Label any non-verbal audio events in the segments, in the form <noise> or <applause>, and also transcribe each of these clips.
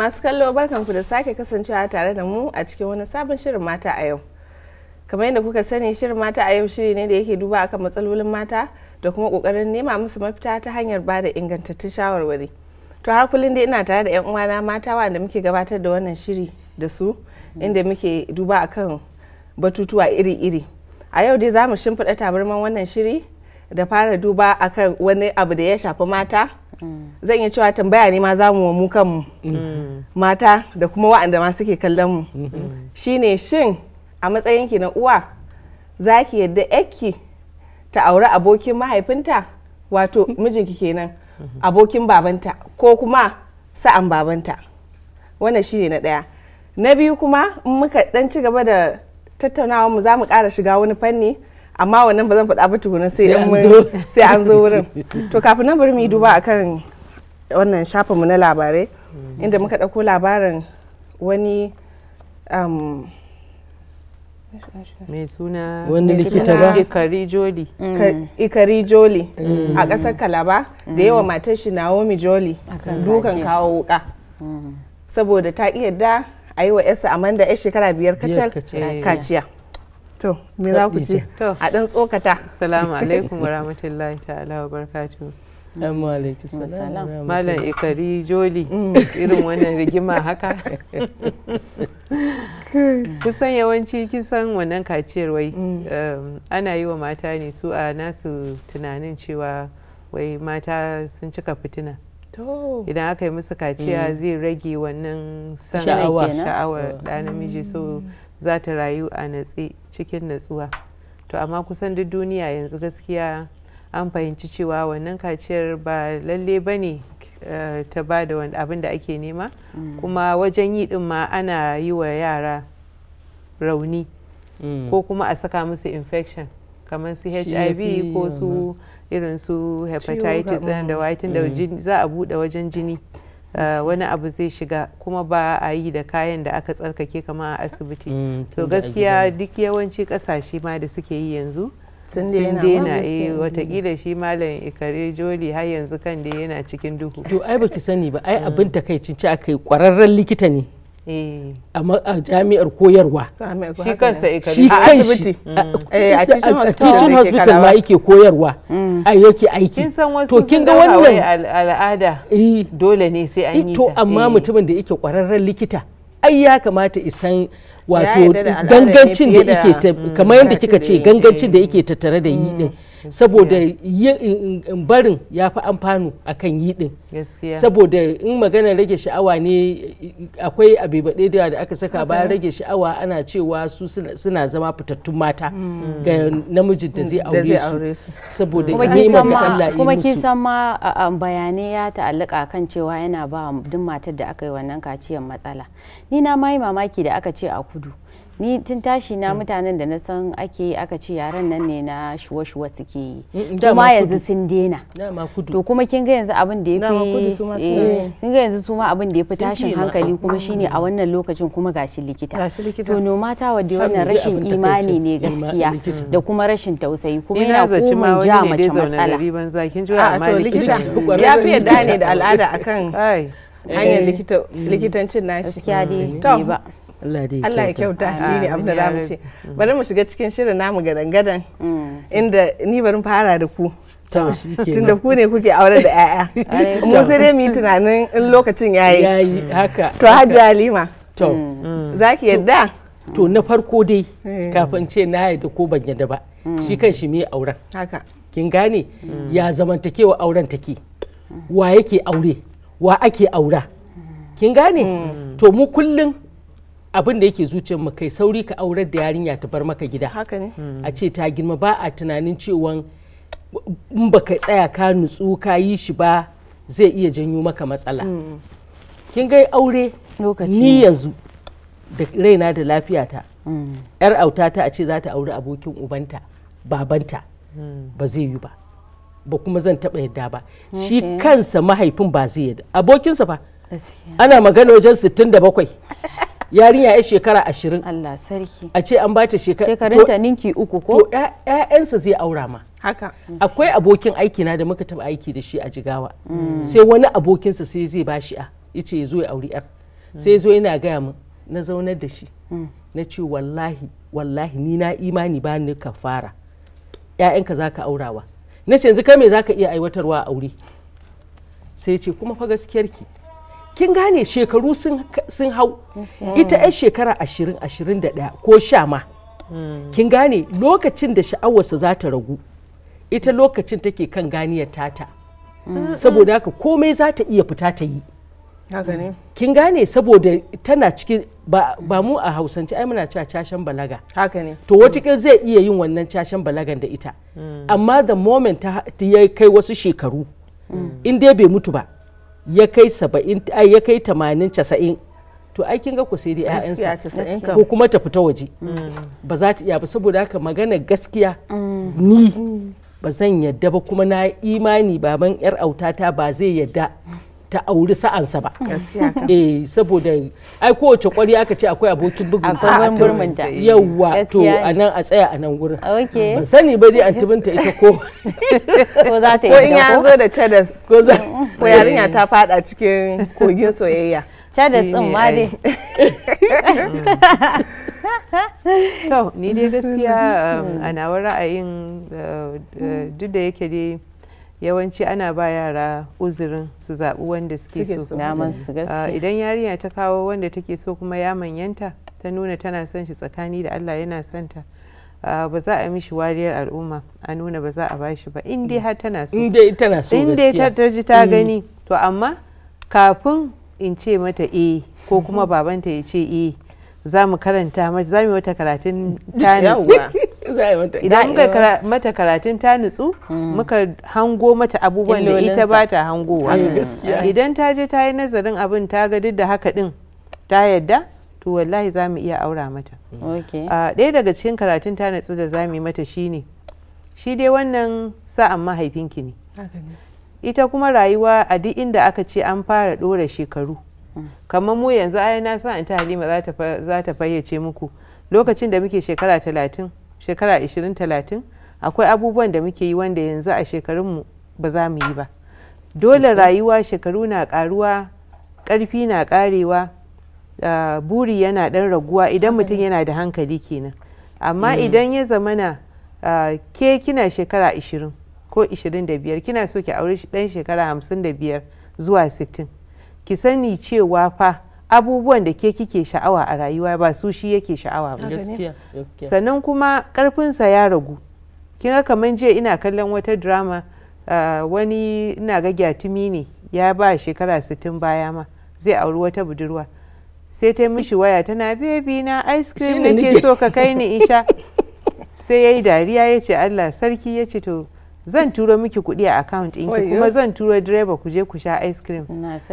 Masu kallo barkanku da sake kasancewa tare da mu a cikin wani sabon shirin mata a yau. Kamar yadda kuka sani shirin mata a yau shiri ne da yake duba akan matsalolin mata da kuma kokarin nema musu mafita ta hanyar ba da ingantattun shawarwari. To har kullum dai ina tare da 'yan uwana mata wanda muke gabatar da wannan shiri da su inda muke duba akan batutuwa iri-iri. A yau dai za mu shimfiɗa tabarman wannan shiri da fara duba akan wani abu da ya shafi mata zan yi cewa tambaya ne ma zamu mu mu mm. mata da kuma wa'anda ma suke kallon mu mm-hmm. shine shin a matsayinki na uwa za ki yadda yakki ta auri abokin mahaifinta wato mijinki kenan mm-hmm. abokin babanta ko kuma sa'an babanta wannan shine na ɗaya na biyu kuma in muka ɗan ci gaba da tattaunawa mu za mu ƙara shiga wani fanni amma wannan ba zan faɗa ba tukuna sai an zo wurin to kafin nan bari mu yi duba akan wannan mu na labarai mm. inda muka ɗauko labarin wani mai um, suna wani likita ba ikari joli mm. ikari joli mm. a kasar kalaba da yawa matar shi naomi joli dukan kawo wuka saboda ta iya da a yi wa yarsa amanda yar shekara biyar kacal kaciya to me za ku ce a dan tsokata assalamu alaikum wa rahmatullahi ta'ala wa barakatuh Amma alaikum salam. Malam Ikari Joli mm. irin wannan rigima haka. <laughs> Kusan yawanci kisan wannan kaciyar wai mm. um, ana yi wa mata ne su a nasu tunanin cewa wai mata sun cika fitina. Idan aka yi musu kaciya mm. zai rage wannan san sha'awar ɗa namiji so za ta rayu a natse cikin natsuwa to amma kusan duk duniya yanzu gaskiya an fahimci cewa wannan kaciyar ba lalle ba ne eh, ta ba da abin da ake nema mm. kuma wajen yi din ma ana yi wa yara rauni mm. ko kuma a saka musu infection kamar su hiv ko su irin su hepatitis da waitin da mm. za a buɗe wajen jini Eh, wani abu zai shiga kuma ba a yi da kayan da aka tsarkake kama a asibiti mm, to gaskiya duk yawanci kasashe ma da suke yi yanzu sun daina eh, watakila shi malam ikare joli har yanzu kan da yana cikin duhu to ai baki sani ba ai mm. abin takaicin ci aka yi kwararren likita ne Eh. a jami'ar koyarwa shi kansa shi kanshi mm. Mm. Eh, a teaching hospital ma yake koyarwa mm. a yake aiki to kin ga wannan al'ada eh. dole ne sai an yi to amma mutumin da yake kwararren likita ai ya kamata isan wato gangancin da yake kamar yadda kika ce gangancin da yake tattare da yi din saboda barin ya fi amfanu a kan yi din saboda in magana rage sha'awa ne akwai abibaɗe da aka saka bayan rage sha'awa ana cewa su suna zama fitattun mata hmm. ga namijin da zai hmm, aure su saboda neman da Allah ya kuma kin san ma bayanai ya ta'allaka kan cewa yana ba duk matar da aka yi wannan kaciyar matsala ni na mayi mamaki da aka ce a kudu ni tun tashi na mm. mutanen da na san ake aka ce yaran nan ne na shuwa-shuwa suke yi kuma mm, mm, yanzu sun dena to kuma kin ga yanzu abin da ya fi eh, kin ga yanzu su ma abin da ya fi tashin hankali kuma shine a wannan lokacin kuma gashi likita to no mata wadda wannan rashin imani ne gaskiya da kuma rashin tausayi kuma yana kuma ja mace matsala likita <laughs> ya fi yadda ne da al'ada akan hanyar likitancin nashi gaskiya dai ba Allah ya kyauta shi ne abin da za mu ce mm. bari mu shiga cikin shirin namu gadan-gadan mm. inda ni bari fara da ku tun da ku ne kuke aure da 'ya'ya <laughs> mu sai dai mu yi tunanin in lokacin yayi to hajji halima mm. za ki yadda to na farko dai eh. kafin ce na yadda ko ban yadda ba shi kan shi mai auren Haka. kin gane ya zamantakewa auren take wa yake aure wa ake aura kin gane to mu kullum abin da yake zuciyar mu kai sauri ka aurar da yarinya ta bar maka gida haka ne hmm. a ce ta girma ba a tunanin cewa in baka tsaya ka nutsu ka yi shi ba zai iya janyo maka matsala hmm. kin ga aure ni yanzu da raina da lafiyata hmm. yar autata a ce za ta auri abokin ubanta babanta ba zai yi ba ba kuma zan taba yadda ba shi kansa mahaifin ba zai yadda abokinsa ba ana magana wajen 67 <laughs> yarinya ya shekara ashirin Allah sarki a ce an bata shekara shekarun ta ninki uku ko to ƴaƴansa zai aura ma haka akwai abokin aiki na da muka taba aiki da shi a jigawa mm. sai wani abokinsa sai zai bashi a yace ya zo ya auri yar sai zo yana gaya min na zaunar da shi mm. na ce wallahi wallahi ni na imani ba ni ka fara ƴaƴanka ka aurawa na ce yanzu kai me za ka iya aiwatarwa a aure sai ce kuma fa gaskiyarki ki kin gane shekaru sun hau ita 'yar shekara ashirin ashirin da ɗaya ko sha ma hmm. kin gane lokacin da sha'awarsa za ta ragu ita lokacin take kan ganiyar tata hmm. Hmm. saboda haka komai za ta iya fita ta yi kin gane saboda tana cikin ba mu a hausance ai muna cewa cashen balaga to watakil zai iya yin wannan cashen balagan da ita amma the moment ta ya kai wasu shekaru in dai bai mutu ba ya kai saba'in ya kai tamanin casa'in to ai kin ga ku sai dai ƴaƴansa ko kuma ta fita waje mm. ba za ta iya ba saboda haka magana gaskiya mm. ni mm. ba zan yadda ba kuma na imani baban yar autata ba zai yadda ta auri sa'ansa ba eh saboda ai kowace kwari aka ce akwai abokin bugun akwai burmin ta yawa to anan a tsaya anan gurin ban sani ba dai antibinta ita ko <laughs> ko za ta yi ko in ya zo da chadas ko za ko yarinya ta fada cikin kogin soyayya chadas din ma dai <laughs> to ni dai gaskiya hmm. um, a nawa ra'ayin uh, uh, duk da yake dai yawanci ana ba yara uzurin su zaɓi wanda suke so ah, idan yarinya ta kawo wanda take so kuma ya manyanta ta nuna tana son shi tsakani da allah yana son ta ah, ba za a mishi wariyar al'umma a nuna ba za a bashi ba in dai har tana so in tana ta ji ta mm. gani to amma kafin in ce mata eh ko kuma mm-hmm. babanta ya ce eh za mu karanta mata za mu yi mata karatun <laughs> tanis idan muka mata karatun ta nutsu hmm. muka hango mata abubuwan da ita ba ta hangowa hmm, idan ta je ta yi nazarin abin ta ga duk da haka din ta yadda to wallahi za mu iya aura mata ah, ɗaya daga cikin karatun ta nutsu da za mu yi mata shine shi dai wannan sa'an mahaifinki ne ita kuma rayuwa a duk inda aka ce an fara ɗora shekaru hmm. kamar mu yanzu ai na ta halima za ta fayyace muku lokacin da muke shekara talatin shekara 20-30 akwai abubuwan da muke yi wanda yanzu a shekarunmu ba za mu yi ba dole rayuwa shekaru na karuwa karfi na karewa ah, buri yana dan raguwa idan mutum yana da hankali kenan amma mm. idan ya zamana ah, ke kina shekara 20 ko 25 kina so ki aure dan shekara 55 zuwa 60 ki sani cewa fa abubuwan da ke kike sha'awa a rayuwa ba su shi yake sha'awa ba sannan kuma karfinsa ya ragu kin ga kamar jiya ina kallon wata drama wani ina ga gyatumi ne ya ba shekara 60 baya ma zai auri wata budurwa sai ta mishi waya tana bebi na ice cream ke so ka kai ni isha <laughs> sai ya yi dariya ya ce allah sarki ya ce to zan turo miki kuɗi a account ɗinki kuma zan turo direba ku je ku sha ice cream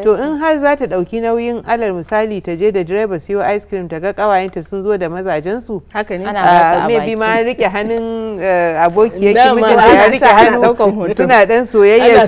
to in har za ta ɗauki nauyin alal misali ta je da direba siyo ice cream ta ga ƙawayenta sun zo da mazajen su haka ne ah, maybe ma rike hannun eh, abokiyar ki mijin ya rike hannu suna dan soyayya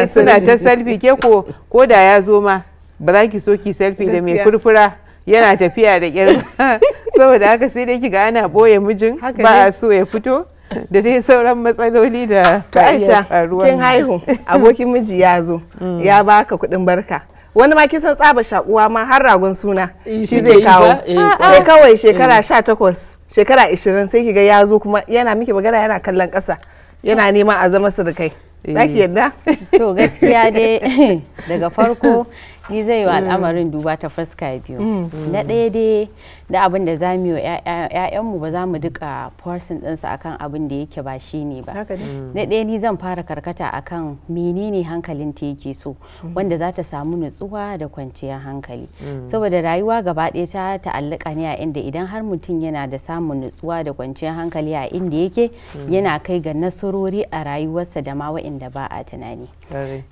eh, suna ta selfie ke ko ko da ya zo ma ba za ki so ki selfie da mai furfura yana tafiya da kyar <laughs> saboda haka sai dai ki ga ana boye mijin ba a so ya fito <laughs> da dai sauran matsaloli da ka iya faruwa kin haihu <laughs> abokin miji ya zo mm. ya baka kuɗin barka wani ma kisan tsaba shakuwa ma har ragon suna eh, shi zai kawo eh, ah, sai kawai shekara 18 mm. shekara 20 sai ki ga ya zo kuma yana miki magana yana kallon ƙasa yana ah. nema a zama surukai eh. za ki yarda <laughs> to gaskiya dai daga farko ni zai yi mm. al'amarin duba ta fuska biyu na ɗaya dai da abin da za mu yi ‘ya'yanmu ba za mu duka forcing ɗinsa akan abin da yake ba shi ne ba mm. na ɗaya ni zan fara karkata akan menene hankalin ta yake so mm. wanda za ta samu nutsuwa da kwanciyar hankali mm. saboda rayuwa gaba ɗaya ta ta'allaka ne a inda idan har mutum yana da samun nutsuwa da kwanciyar hankali a inda yake yana kai ga nasarori a rayuwarsa da ma wa'inda ba a tunani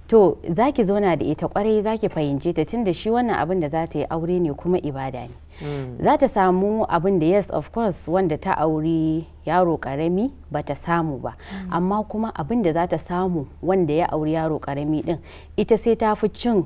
to zaki zauna da ita kwarai zaki fahimce ta tunda shi wannan abin da za ta yi aure ne kuma ibada ne Hmm. za ta samu abin da yes of course wanda ta auri yaro karami ba ta samu ba hmm. amma kuma abin da za ta samu wanda ya auri yaro karami din ita sai ta fi cin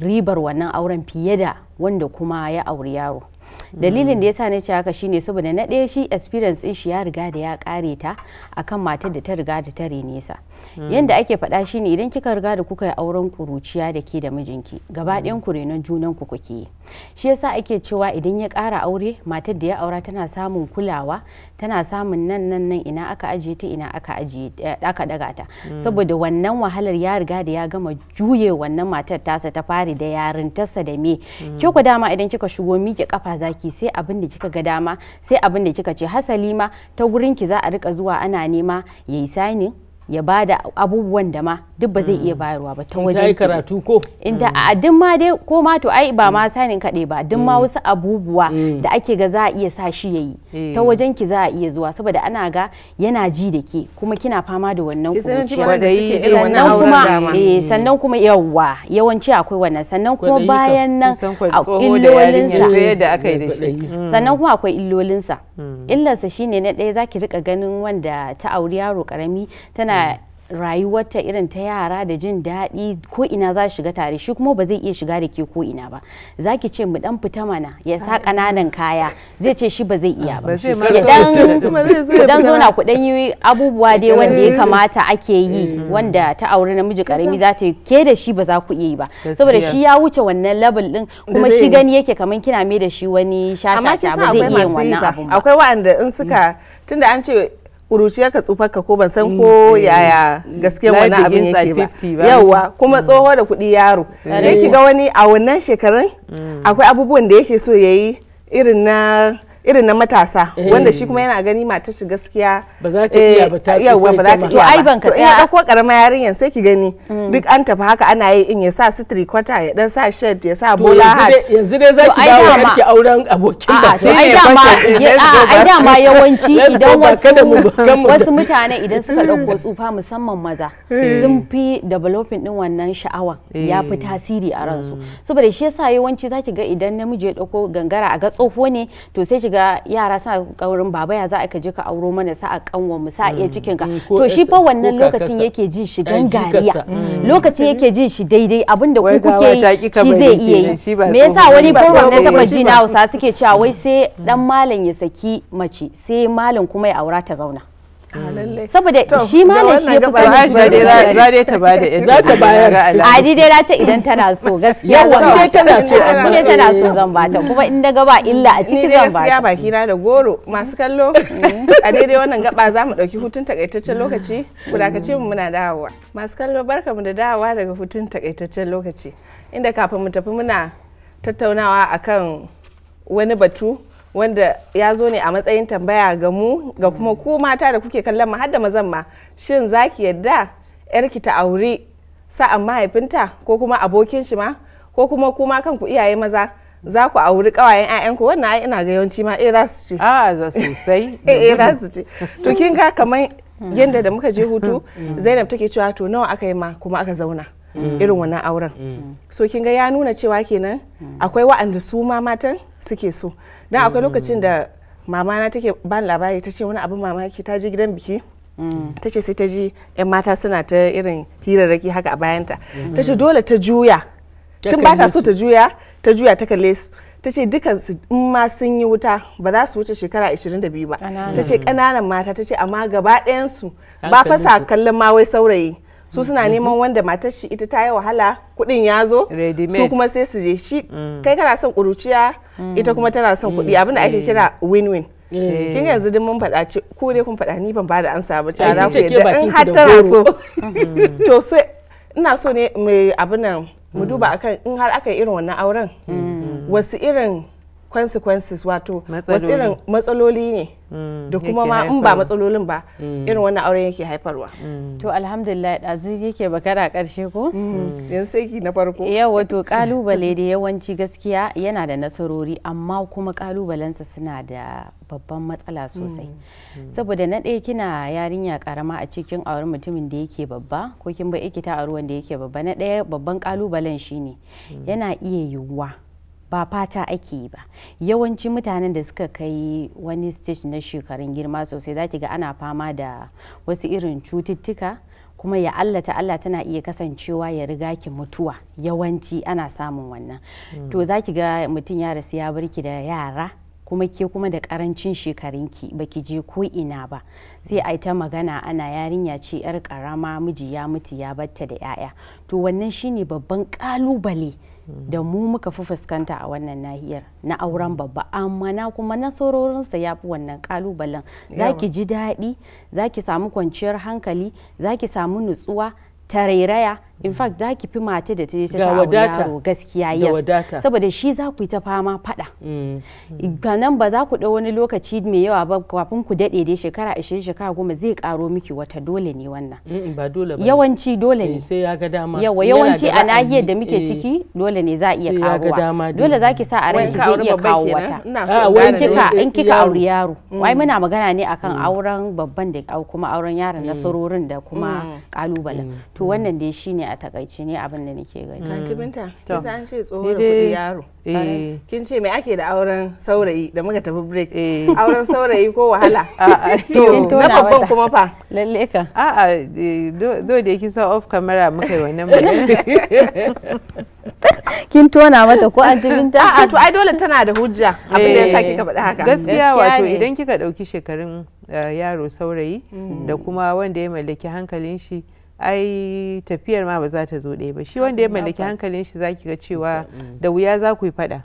ribar wannan auren fiye da wanda kuma ya auri yaro hmm. dalilin da ya sa na ce haka shine saboda na ɗaya shi experience shi ya riga da ya ƙare ta akan matar da ta riga da ta nesa. Hmm. yadda ake faɗa shine idan kika riga da kuka yi auren kuruciya da ke da mijinki gaba hmm. ɗayan ku renon junan ku kuke yi shi yasa ake cewa idan ya kara aure matar da ya aura tana samun kulawa tana samun nan nan nan ina aka ajiye ta ina aka ajiye eh, aka daga ta hmm. saboda wannan wahalar ya riga da ya gama juye wannan matar tasa ta fari da yarintarsa da me ke ku dama idan kika shigo miƙe kafa zaki sai abin da kika ga dama sai abin da kika ce hasali ma ta gurin ki za a rika zuwa ana nema yayi sani. ya ba da abubuwan da ma duk ba zai iya mm. bayarwa ba ta wajen ki karatu ko mm. a duk ma dai ko ma to ai ba ma mm. sanin kaɗai ba duk ma wasu abubuwa da ake ga za a iya sa shi yayi ta wajen ki za a iya zuwa saboda ana ga yana ji da ke kuma kina fama da wannan eh, sannan kuma eh sannan kuma yawa yawanci akwai wannan sannan kuma bayan nan illolinsa sannan kuma akwai sa illarsa shine na ɗaya zaki rika ganin wanda ta auri yaro karami tana da rayuwarta irin ta yara da jin daɗi ko ina za shiga tare shi kuma ba zai iya shiga da ke ko ina ba za ki ce mu dan fita mana ya sa ƙananan kaya zai ce shi ba zai iya ba ya dan zo ku dan yi abubuwa dai wanda ya kamata ake yi eh. wanda ta auri namiji karami za ta yi ke da shi ba za ku iya yi ba saboda shi ya wuce wannan level din kuma shi gani yake kaman kina mai da shi wani shashasha ba zai iya wannan abun ba akwai waɗanda in suka mm. tunda an ce ƙuruciya ka tsufa ka ko ban san ko mm, mm. yaya gaskiya wani abin yake ba yawa kuma mm. tsoho da kuɗi yaro sai ki ga wani a wannan shekarun akwai abubuwan da yake so yayi irin na irin na matasa eh. wanda shi kuma yana gani mata shi gaskiya ba za ta iya ba ta iya eh, ba za ta iya ai ban ka tsaya ko karama yarinyan sai ki gani mm. duk an tafi haka ana yi in ya sa sitri kwata ya dan sa shirt ya sa bola hat yanzu dai za ki dawo ki auren abokin da ai ma ai dama yawanci idan wasu mutane idan suka dauko tsufa musamman maza hmm. Hmm. sun fi developing din wannan sha'awa hmm. ya fi tasiri a ransu saboda shi yasa yawanci zaki ga idan namiji ya dauko gangara a ga tsofo ne to sai ga yara suna kaurin baba ya za a je ka auro mana sa a kanwa mu sa iya mm, cikin ka mm, to shi fa wannan lokacin yake jin shi gangariya mm. lokacin yake jin shi daidai abinda ku kuke yi shi zai iya yi me yasa wani program taba ji na Hausa suke cewa wai sai dan malam ya saki mace sai malam kuma ya aura ta zauna Ah, mm. saboda shi malam shi ya fi sani za dai ta bada za ta bayar a ni dai na ce idan tana so gaskiya yawa in tana so amma in tana so eh. zan bata kuma in daga ba illa a ciki zan bata ni dai baki na da goro masu kallo mm. a dai wannan gaba za mu dauki hutun takaitaccen lokaci ku mu muna dawowa masu kallo barkamu da dawowa daga hutun takaitaccen lokaci inda kafin mu tafi muna tattaunawa akan wani batu wanda ya zo ne a matsayin tambaya ga mu ga kuma ku mata da kuke kallon mu har da mazan ma shin zaki yadda yarki ta aure sa'an mahaifinta ko kuma abokin shi ma ko kuma kuma kanku iyaye maza za ku auri kawayen 'ya'yanku wannan ai ina ga yawanci ma eh za su ce a ah, za sosai <laughs> eh, eh za su ce to kin ga kamar yanda da muka je hutu mm. Zainab take cewa to nawa aka yi ma kuma aka zauna mm. irin wannan auren mm. so kin ga ya nuna cewa kenan akwai wa'anda su ma matan suke so dan akwai lokacin mm. da mama na take bani labari ta ce wani abin mamaki ta je gidan biki mm. ta ce sai ta ji 'yan mata suna ta irin hirarraki haka a bayanta mm-hmm. ta ce dole ta juya tun ba ta so ta juya ta juya ta kalle su ta ce su in ma sun yi wuta ba za su wuce shekara 22 ba ta ce ƙananan mata ta ce amma gaba su ba fasa kallon ma wai saurayi su mm-hmm. suna neman wanda matar shi ita ta yi wahala kuɗin ya zo su kuma sai su je shi mm. kai kana son kuruciya Mm. ita kuma tana son kuɗi mm. abin da ake mm. kira win-win kin yanzu duk mun faɗa ce ko dai kun faɗa ni ban ba da amsa ba ta eh, za ku yadda in har tana so <laughs> mm-hmm. to so ina so ne mai abin nan mu duba akan in har aka irin wannan auren wasu irin consequences wato wasu irin matsaloli ne mm, da kuma ma in ba matsalolin ba mm. irin wannan auren yake haifarwa mm. to alhamdulillah ɗazu yake bakara karshe ko yan saki na farko yau wato kalubale da yawanci gaskiya yana da nasarori amma kuma kalubalensa suna da babban matsala sosai saboda na ɗaya kina yarinya karama a cikin auren mutumin da yake babba ko kin bai ikita a ruwan da yake babba na ɗaya babban kalubalen shine yana iya yiwuwa ba fata ake yi ba yawanci mutanen da suka kai wani stage na shekarun girma sosai za ki ga ana fama da wasu irin cututtuka kuma ya Allah ta Allah tana iya kasancewa ya riga ki mutuwa yawanci ana samun wannan hmm. to za ki ga mutum ya rasu ya barki da yara kuma ke kuma da karancin shekarunki baki je ko ina ba sai a ta magana ana yarinya ce yar karama miji ya mutu ya batta da yaya to wannan shine babban kalubale da mu muka fi fuskanta a wannan nahiyar na auren babba amma na kuma nasarorinsa ya fi wannan kalubalen za ki ji daɗi za ki samu kwanciyar hankali za ki samu nutsuwa tarairaya in fact da ki fi mata da ta yi ta yaro gaskiya yes saboda shi za ku yi ta fama fada mm. nan ba za ku ɗau wani lokaci mai yawa ba kafin ku daɗe dai shekara 20 shekara goma zai karo miki wata dole ne wannan mm, ba dole ba yawanci dole ne eh, sai ya ga dama yawa yawanci a nahiyar da muke eh, ciki dole ne za a iya karuwa dole za ki sa a ranki zai iya kawo wata ah, in kika eh, in kika auri yaro mm. wai muna magana ne akan auren babban da kuma auren yaron nasarorin da kuma kalubalen to wannan dai shine a takaice ne abin da nake gani kanti mm. binta kisa an ce tsohon da kudi yaro eh. kin ce me ake da auren saurayi da muka tafi break eh. auren saurayi ko wahala to na babban kuma fa lalle ka a a eh, do da kin sa off camera muka yi wannan <laughs> kin tona mata ko an binta a to ai dole tana da hujja abin da ya yasa kika faɗi haka gaskiya wato idan kika ɗauki shekarun yaro saurayi mm. da kuma wanda ya mallaki hankalin shi ai tafiyar ma ba za ta zo ɗaya ba shi wanda ya mallaki hankalin shi zaki ga cewa mm. da wuya za ku yi faɗa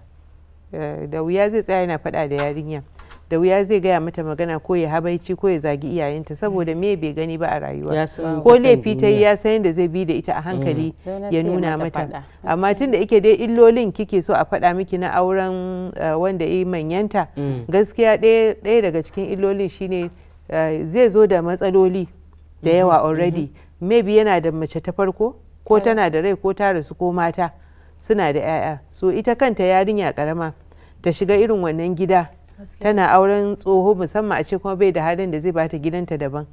eh, da wuya zai tsaya yana faɗa da yarinya da wuya zai gaya mata magana ko ya habaici ko ya zagi iyayenta saboda mm. me bai gani ba a rayuwa ko laifi ta yi ya san yadda zai bi da ita a hankali mm. ya nuna mata amma tun da ike dai illolin kike so a faɗa miki na auren eh, wanda ya manyanta gaskiya ɗaya daga cikin illolin shine eh, zai zo da matsaloli da yawa mm-hmm. already mm-hmm. maybe yana da mace ta farko ko eh. tana da rai ko ta rasu ko mata suna da 'ya'ya so ita kanta yarinya karama ta shiga irin wannan gida tana auren tsoho musamman a ce kuma bai da halin da zai bata gidanta daban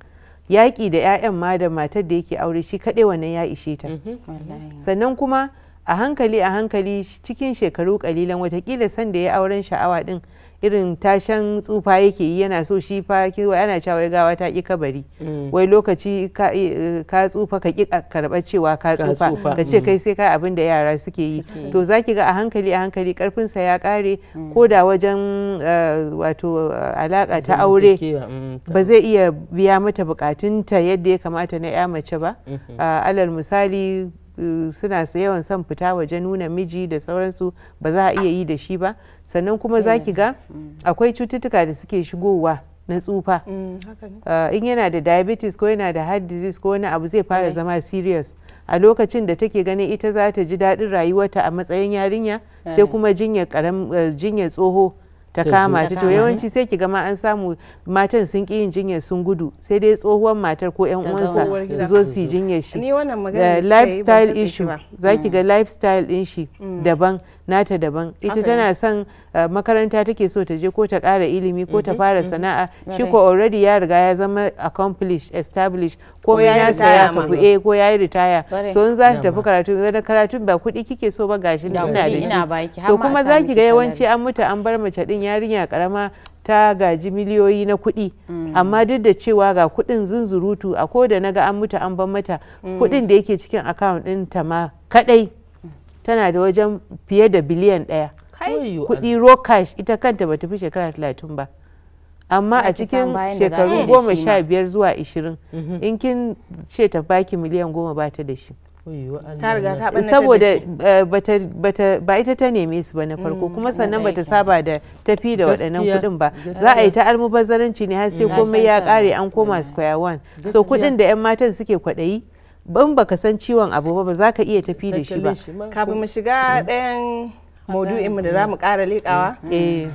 yaƙi da 'ya'yan ma da matar da yake aure shi kaɗai wannan ya ishe ta mhm. sannan kuma a hankali a hankali cikin shekaru kalilan watakila sanda ya auren sha'awa din irin tashan tsufa yake yi yana so shi fa kiwa yana cewa ga wata ki kabari mm. wai lokaci eh, ka tsufa ka ki karba cewa ka tsufa ka ce kai mm. sai ka abin da yara suke yi to zaki ga a hankali a hankali karfin sa ya kare mm. ko da wajen eh, wato eh, alaka ta aure ba zai iya biya mata bukatunta yadda ya kamata na ya mace ba mm-hmm. alal misali Eh, suna yawan son fita waje nuna miji da sauransu ba za a iya yi da shi ba sannan kuma za ki ga eh, mm. akwai cututtuka da suke shigowa na tsufa mm, eh, in yana da diabetes ko yana da heart disease ko wani abu zai fara zama serious a lokacin da take ganin ita za ta ji daɗin rayuwarta a matsayin yarinya sai kuma jinyar tsoho ta kama ta to yawanci sai ki gama an samu matan sun ki yin jinya sun gudu sai dai tsohuwar matar ko yan uwansa su zo su yi jinyar shi lifestyle issue za ki ga mm. lifestyle din shi mm. daban nata daban ita tana son eh, makaranta take so ta je ko ta kara ilimi ko ta mhm, fara mhm. sana'a shi ko already ya riga ya zama accomplished established ko ya saya ka eh, ko ya yi ritaya so in za ta tafi karatu wani karatu ba kuɗi kike so ba gashi ina da shi so kuma za ki ga yawanci an mutu an bar mace din yarinya karama ta gaji miliyoyi na kuɗi mm. amma duk da cewa ga kuɗin zunzurutu a ko da naga an mutu an ban mata mm. kuɗin da yake cikin account ɗin ta ma kaɗai tana da wajen fiye da biliyan ɗaya kuɗi rokash ita kanta bata fi shekara talatin ba amma a cikin shekaru goma sha biyar zuwa ashirin. Mhm. in kin ce ta baki miliyan goma ba ta da shi saboda eh, ba ita ta neme su ba na mm, farko kuma sannan ba ta saba da tafi da waɗannan kuɗin ba za a yi ta almubazzaranci ne har sai mm, komai ya ƙare an koma mm. square one so kuɗin da 'yan matan suke kwaɗayi ban baka san ciwon abu ba ba za ka iya tafi da shi ba kafin mu shiga mm. ɗayan maudu'inmu da za mu ƙara liƙawa mm. eh.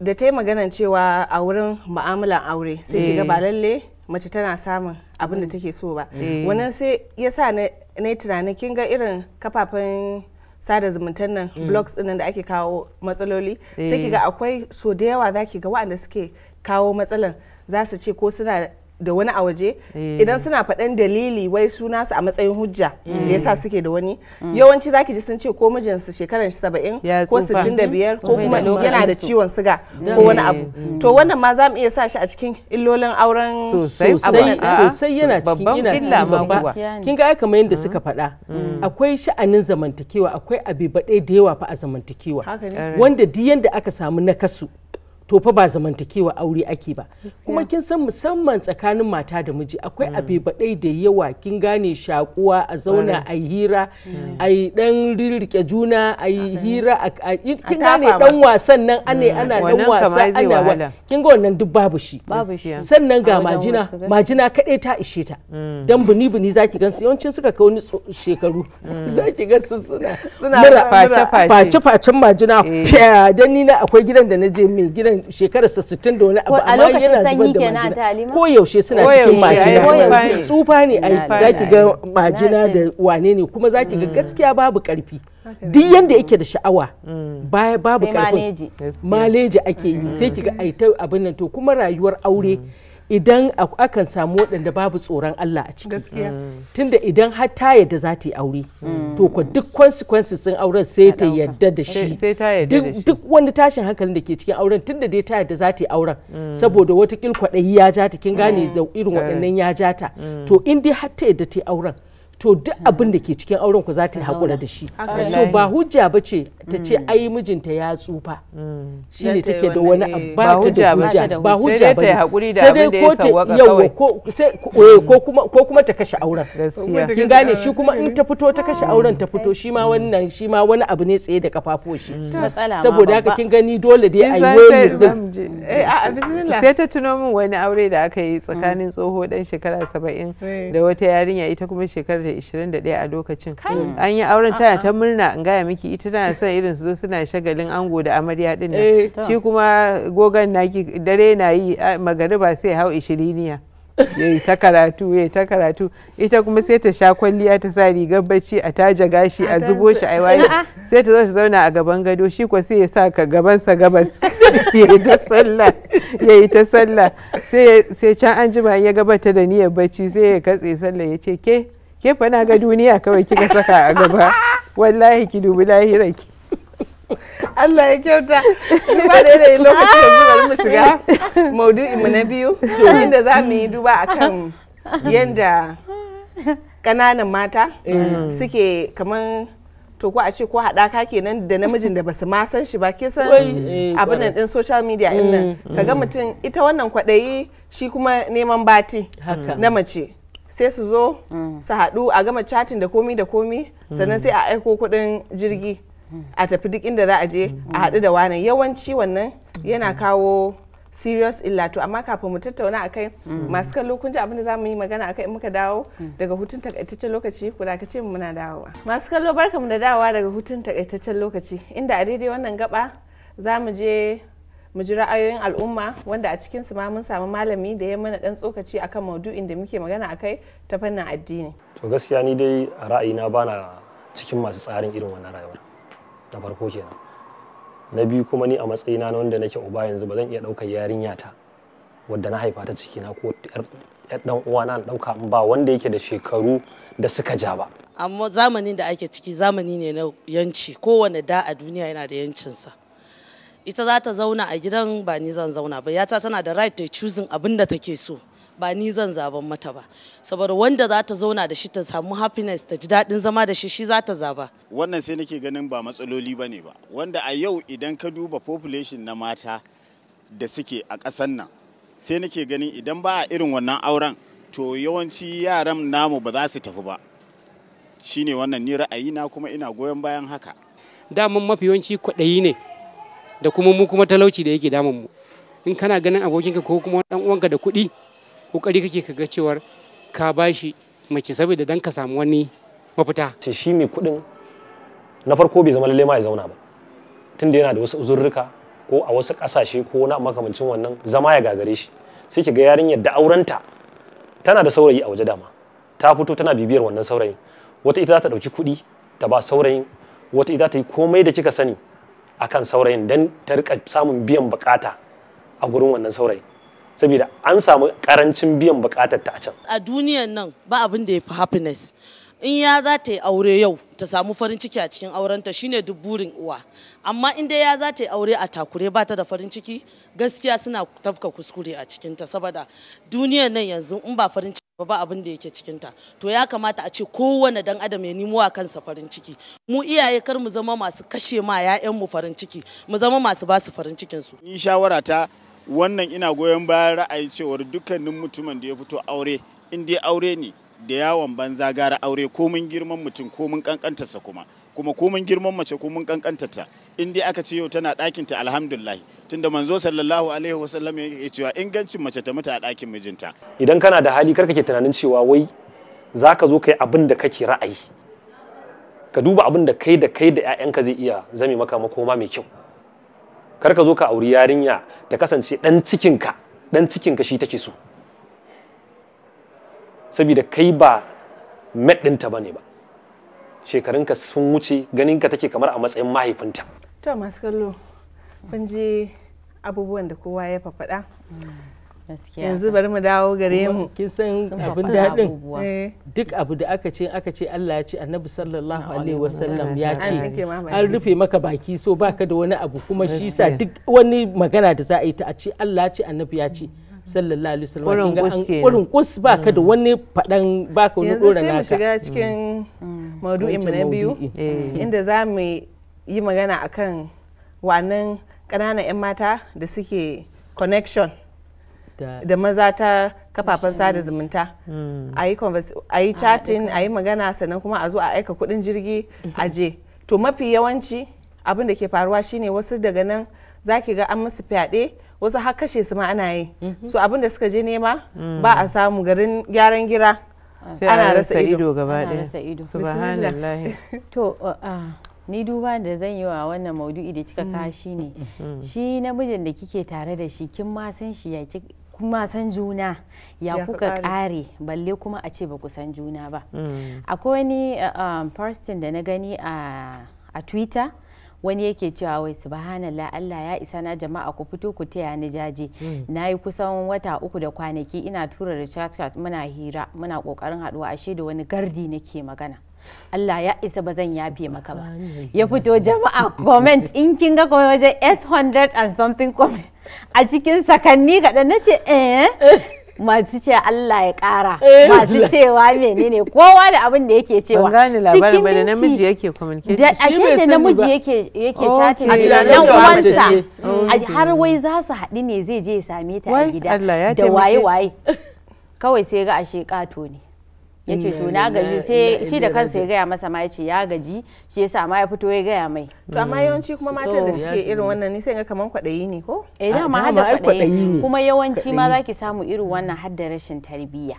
da ta yi maganan cewa a wurin mu'amalan aure sai ki eh. ba lalle mace tana samun abin da mm. take so ba eh. wannan sai ya sa na yi tunanin kin ga irin kafafen sada zumuntan nan blogs ɗin da ake kawo matsaloli sai ki ga akwai so da yawa za ki ga waɗanda suke kawo matsalan za su ce ko suna da wani a waje eh. idan suna faɗan dalili wai suna su a matsayin hujja mm. da yasa suke da wani mm. yawanci zaki ji sun ce ko mijinsu shekaran shi saba'in ko sittin da biyar ko kuma yana da ciwon siga mm. ko wani abu to wannan ma za mu iya sa shi a cikin illolin auren sosai yana cikin yana babba kin ga kamar yadda suka faɗa akwai sha'anin zamantakewa akwai abibaɗai da yawa fa a zamantakewa wanda duk yanda aka samu nakasu to fa ba zamantakewa aure ake ba kuma kin san musamman tsakanin mata da miji akwai mm. baɗai da yawa kin gane shakuwa a zauna mm. a hira a yi dan rirrike juna a yi hira a kin gane dan wasan nan mm. ana ana dan wasa ana kin ga wannan duk babu shi sannan ga majina majina kaɗai ta ishe ta dan buni buni zaki su yawancin suka kai wani shekaru <laughs> zaki gan su suna suna face face face facen majina eh. dan ni na akwai gidan da na je mai gidan shekarar sa 60 da wani abu amma yana zubar da majina ko yaushe suna cikin majina eh, tsufa ne a za ki ga majina da wane ne kuma ki ga mm. gaskiya babu karfi duk yanda yake da sha'awa mm. baya babu karfi maleji ake yi mm. sai ki ga ta abin nan to kuma rayuwar aure idan akan samu waɗanda babu tsoron Allah a ciki mm. tunda idan har ta yadda za ta yi aure mm. to ko duk consequences sun auren sai ta yadda da shi duk wani tashin hankalin da ke cikin auren tunda dai ta yadda za ta yi auren mm. saboda wata kwaɗayi ya ja ta kin gane da irin waɗannan ya jata to in dai har ta yadda ta yi auren to duk abin da ke cikin auren ku za ta yi haƙura da shi so ba hujja ba ce ta ce mm. ai mijinta ya tsufa mm. shi ne take da wani eh. abu ba ta da hujja ba hujja ba ne sai dai ko ta yawa ko kuma ta kashe auren kin gane shi kuma in mm. ta fito ta kashe auren ta fito shi ma wannan shi ma wani abu ne tsaye da kafafo shi saboda haka kin gani dole dai a yi wani eh, sai ta tuno min wani aure da aka yi tsakanin tsoho dan shekara saba'in eh. da wata yarinya ita kuma shekarar 21 a lokacin mm. an yi auren tana ta murna in gaya miki ita tana son irin su zo suna shagalin ango da amarya din nan eh, shi kuma gogan naki dare na yi magariba sai hau ishiriniya ya yi ta karatu ya ta karatu ita kuma sai ta sha kwalliya ta sa rigar bacci a taja gashi a zubo shi a sai ta zo ta zauna a gaban gado shi kuwa sai ya sa ka gabansa gabas <laughs> ya yi ta sallah ya yi ta sallah sai can an jima ya gabata da niyyar bacci sai ya katse sallah ya ce ke ke fana ga duniya kawai kika saka a gaba wallahi ki dubi ki. Allah ya kyauta ba da yanayin lokacin da zuwa mu shiga maudu'in mu na biyu to inda za mu yi duba akan yanda kananan mata mm. suke kaman to ko a ce ko haɗaka kenan da namijin da basu ma san shi ba ke san eh, abin nan din social media din nan mm, kaga mm. mutum ita wannan kwaɗayi shi kuma neman bati na mace sai su zo mm. su haɗu a gama chatin da komi da komi mm. sannan sai a aiko kuɗin jirgi mm. a tafi duk inda za a je a haɗu da wani yawanci wannan yana kawo serious illa to amma kafin mu tattauna akai masu kallo kun ji abin da zamu yi magana akai in muka dawo daga hutun takaitaccen lokaci ku da ce muna dawowa masu kallo barkamu da dawowa daga hutun takaitaccen lokaci inda a daidai wannan gaba mu je mu ji ra'ayoyin al'umma wanda a cikin su ma mun samu malami da ya mana dan tsokaci akan maudu'in da muke magana akai ta fannin addini to gaskiya ni dai a ra'ayina bana cikin masu tsarin irin wannan rayuwar na farko kenan na biyu kuma ni a matsayina na wanda nake uba yanzu ba zan iya ɗaukar yarinya ta wadda na haifa ta cikina ko dan uwana na ɗauka ba wanda yake da shekaru da suka ja ba amma zamanin da ake ciki zamani ne na yanci kowane da a duniya yana da yancinsa ita za ta zauna a gidan ba ni zan zauna ba ya ta sana da right ta choosing abin da take so ba ni zan zaban mata ba saboda wanda za ta zauna da shi ta samu happiness ta ji daɗin zama da shi shi za ta zaba wannan sai nake ganin ba matsaloli bane ba wanda a yau idan ka duba population na mata da suke a ƙasan nan sai nake ganin idan ba a irin wannan auren to yawanci yaran namu ba za su tafi ba shine wannan ni ra'ayina kuma ina goyon bayan haka daman mafi yawanci kwaɗayi ne da kuma mu kuma talauci da yake damun mu in kana ganin abokinka ko kuma dan uwanka da kuɗi kokari kake ka ga cewar ka bashi mace saboda dan ka samu wani mafita shi mai kuɗin na farko bai zama lalle ma ya zauna ba tunda yana da wasu uzurruka ko a wasu ƙasashe ko na makamancin wannan zama ya gagare shi sai ki ga yarinyar da aurenta tana da saurayi a waje dama ta fito tana bibiyar wannan saurayin wata ita za ta ɗauki kuɗi ta ba saurayin wata ita ta yi komai da kika sani akan saurayin don ta rika samun biyan bukata a gurin wannan saurayi saboda an samu karancin biyan bukatar ta a can a duniyan nan ba abin da ya fi happiness in ya za ta yi aure yau ta samu farin ciki a cikin aurenta shine duk burin uwa amma in dai ya za ta yi aure a takure ba ta da farin ciki gaskiya suna tafka kuskure a cikinta saboda duniyan nan yanzu in ba farin ciki ba ba abin da yake cikinta to ya kamata a ce kowane dan adam ya nemo a kansa farin ciki mu iyaye kar mu zama masu kashe ma yayan mu farin ciki mu zama masu basu farin cikin su ni shawara ta wannan ina goyon bayan ra'ayi cewar dukkanin mutumin da ya fito aure in dai aure ne da yawon banza gara aure ko girman mutum ko mun kankantarsa kuma kuma ko girman mace ko mun kankantata in dai aka ce yau tana ɗakin ta alhamdulillah tunda manzo sallallahu alaihi wasallam ce cewa ingancin mace ta mutu a ɗakin mijinta idan kana da hali kar kake tunanin cewa wai zaka zo kai abin da kake ra'ayi ka duba abin da kai da kai da ƴaƴanka zai iya zame maka makoma mai kyau kar ka zo ka auri yarinya ta kasance dan cikinka ɗan cikinka shi take so saboda kai ba meɗinta ba ne ba shekarunka sun wuce ganin ka take kamar a matsayin mahaifinta to masu kallo kun ji abubuwan da kowa ya fafaɗa yanzu bari mu dawo gare mu kin san abin daɗin eh. Eh. duk abu da aka ce aka ce Allah ya ce annabi sallallahu alaihi wasallam ya ce an rufe maka baki so baka da wani abu kuma shi sa duk wani magana da za a yi ta a ce Allah ya ce annabi ya ce sallallahu alaihi wasallam kurin kus kurin kus baka da mm. wani fadan baka wani dora naka yanzu sai mu shiga cikin mm. Mm. maudu'in mu na biyu eh. inda za mu yi magana akan wannan kananan 'yan mata da suke connection da maza ta kafafen sada zumunta a yi ah, chatting a yi magana sannan kuma a zo a aika kudin jirgi mm-hmm. a je to mafi yawanci abin da ke faruwa shine wasu daga nan zaki ga an musu fyaɗe wasu har kashe su ma ana yi mhm. so abin da suka je nema ba a mm. samu garin gyaran gira ana rasa ido gaba ɗaya to uh, uh, ni duba da zan yi wa wannan maudu'i da kika kawo mm. shi ne mm-hmm. shi namijin da kike tare da shi kin ma san shi ya kuma san juna ya kuka kare balle kuma a ce ba ku san juna ba mm. akwai wani uh, um, postin da na gani a twitter wani yake cewa wai subhanallah Allah ya isa na jama'a ku fito ku taya ni jaje hmm. na yi kusan wata uku da kwanaki ina tura da chat muna hira muna kokarin haduwa ashe da wani gardi nake magana Allah ya isa ba zan yafe maka ba ya fito jama'a comment in kin ga waje 800 and something comment a cikin sakanni kaɗan na ce eh masu ce Allah ya kara eh. masu cewa menene kowa da abin da yake cewa cikin labarin ba da namiji yake communication ashe da namiji yake yake shatin oh, dan uwansa har wai za su haɗu ne zai je ya same ta a gida da waye waye kawai sai ga ashe kato ne ya ce to na gaji sai shi da kansa ya gaya masa ma ya ce ya gaji shi yasa ma ya fito ya gaya mai to amma mm. yawanci kuma matan da suke irin mm. wannan ni sai ga kaman kwadayi ne ko eh dama ah, har da kuma yawanci ma zaki samu irin wannan har da rashin tarbiyya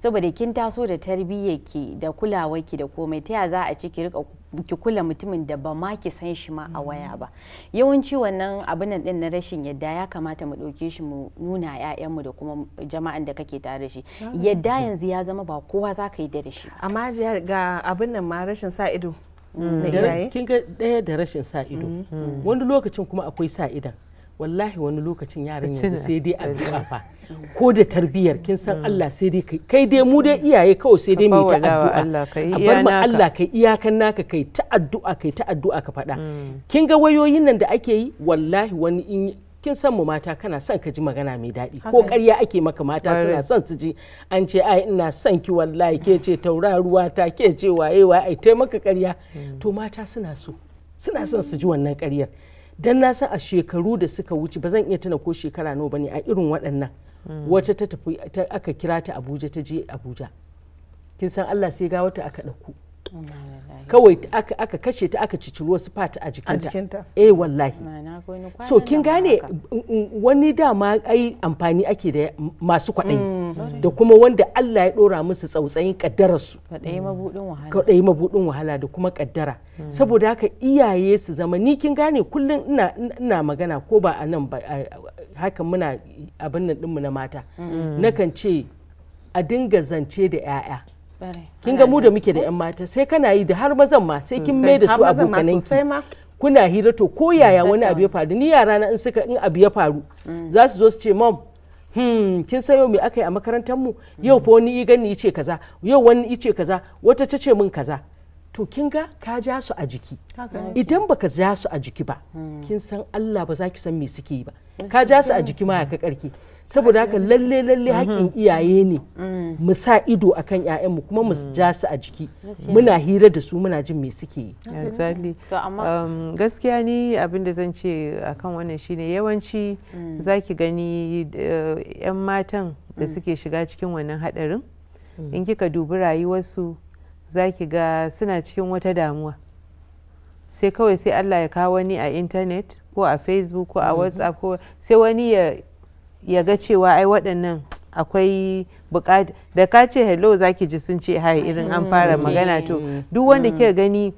saboda kin taso da tarbiyyar ki da kulawar ki da komai ta za a ci ki rika ki kula mutumin da ba ma ki san shi ma a mm. waya ba yawanci wannan abin din na rashin yadda ya kamata mu ɗauke shi mu nuna mu da kuma jama'an da kake tare da shi ah. yadda yanzu ya zama ba kowa za ka yi da shi amma ga abin nan ma rashin sa ido mm. kin ga da rashin sa ido mm. wani lokacin kuma akwai sa idan wallahi wani lokacin yaran yanzu sai dai addu'a fa <laughs> ko da tarbiyyar kin san mm. Allah sai dai kai kai dai mu dai mm. iyaye kawai sai dai mu ta addu'a a ma Allah kai iyakan naka kai ta addu'a kai ta addu'a ka faɗa mm. kin ga wayoyin nan da ake yi wallahi wani in kin san mu mata kana son ka ji magana mai daɗi ko ƙarya ake maka mata suna son su ji an ce ai ina son ki wallahi ke ce tauraruwa ta ke ce waye waye ai taimaka ƙarya to mata suna so suna son su ji wannan ƙaryar dan na san a shekaru da suka wuce ba zan iya tuna ko shekara nawa bane a irin waɗannan hmm. wata ta tafi aka kira ta Abuja ta je Abuja kin san Allah sai ga wata aka ɗauko oh kawai aka kashe ta aka ciciro wasu fata a jikinta eh wallahi so kin gane mm, mm, wani dama ai amfani ake da masu mm, kwaɗayi da kuma wanda Allah ya ɗora musu tsautsayin kaddararsu kwaɗayi mabudin wahala da kuma kaddara saboda haka iyaye su zama ni kin gane kullum ina magana ko ba a nan ba haka muna abin nan ɗinmu na mata nakan ce a dinga zance da 'ya'ya kin ga mu da muke da yan mata sai kana yi da har mazan ma sai kin mai da su abokanan ki kuna hira to ko yaya wani abu ya faru ni yara na in suka in abu ya faru mm. za su zo su ce mom hmm kin san yau me aka yi a makarantar mu yau fa wani i gani yace kaza yau wani yace kaza wata ta ce min kaza to kin ga ka ja su a jiki idan baka ja su a jiki ba mm. kin san Allah ba za ki san me suke yi ba ka ja su a jiki ma ya ka karki. saboda haka lalle lalle mm-hmm. hakkin iyaye ne mm. mu sa ido akan mu kuma mu mm. ja su a jiki muna hira da su muna jin me suke yi exactly um, gaskiya ni abin da zan ce akan wannan shine yawanci mm. zaki gani yan eh, matan da suke shiga cikin wannan hadarin in kika dubi rayuwarsu zaki ga suna cikin wata damuwa sai kawai sai Allah ya kawo ni a intanet ko a facebook ko a mm-hmm. whatsapp ko sai wani ya ya ga cewa ai waɗannan akwai buƙata da ka ce hello zaki ji sun ce hai irin an fara mm. magana to mm. duk wanda mm. kika gani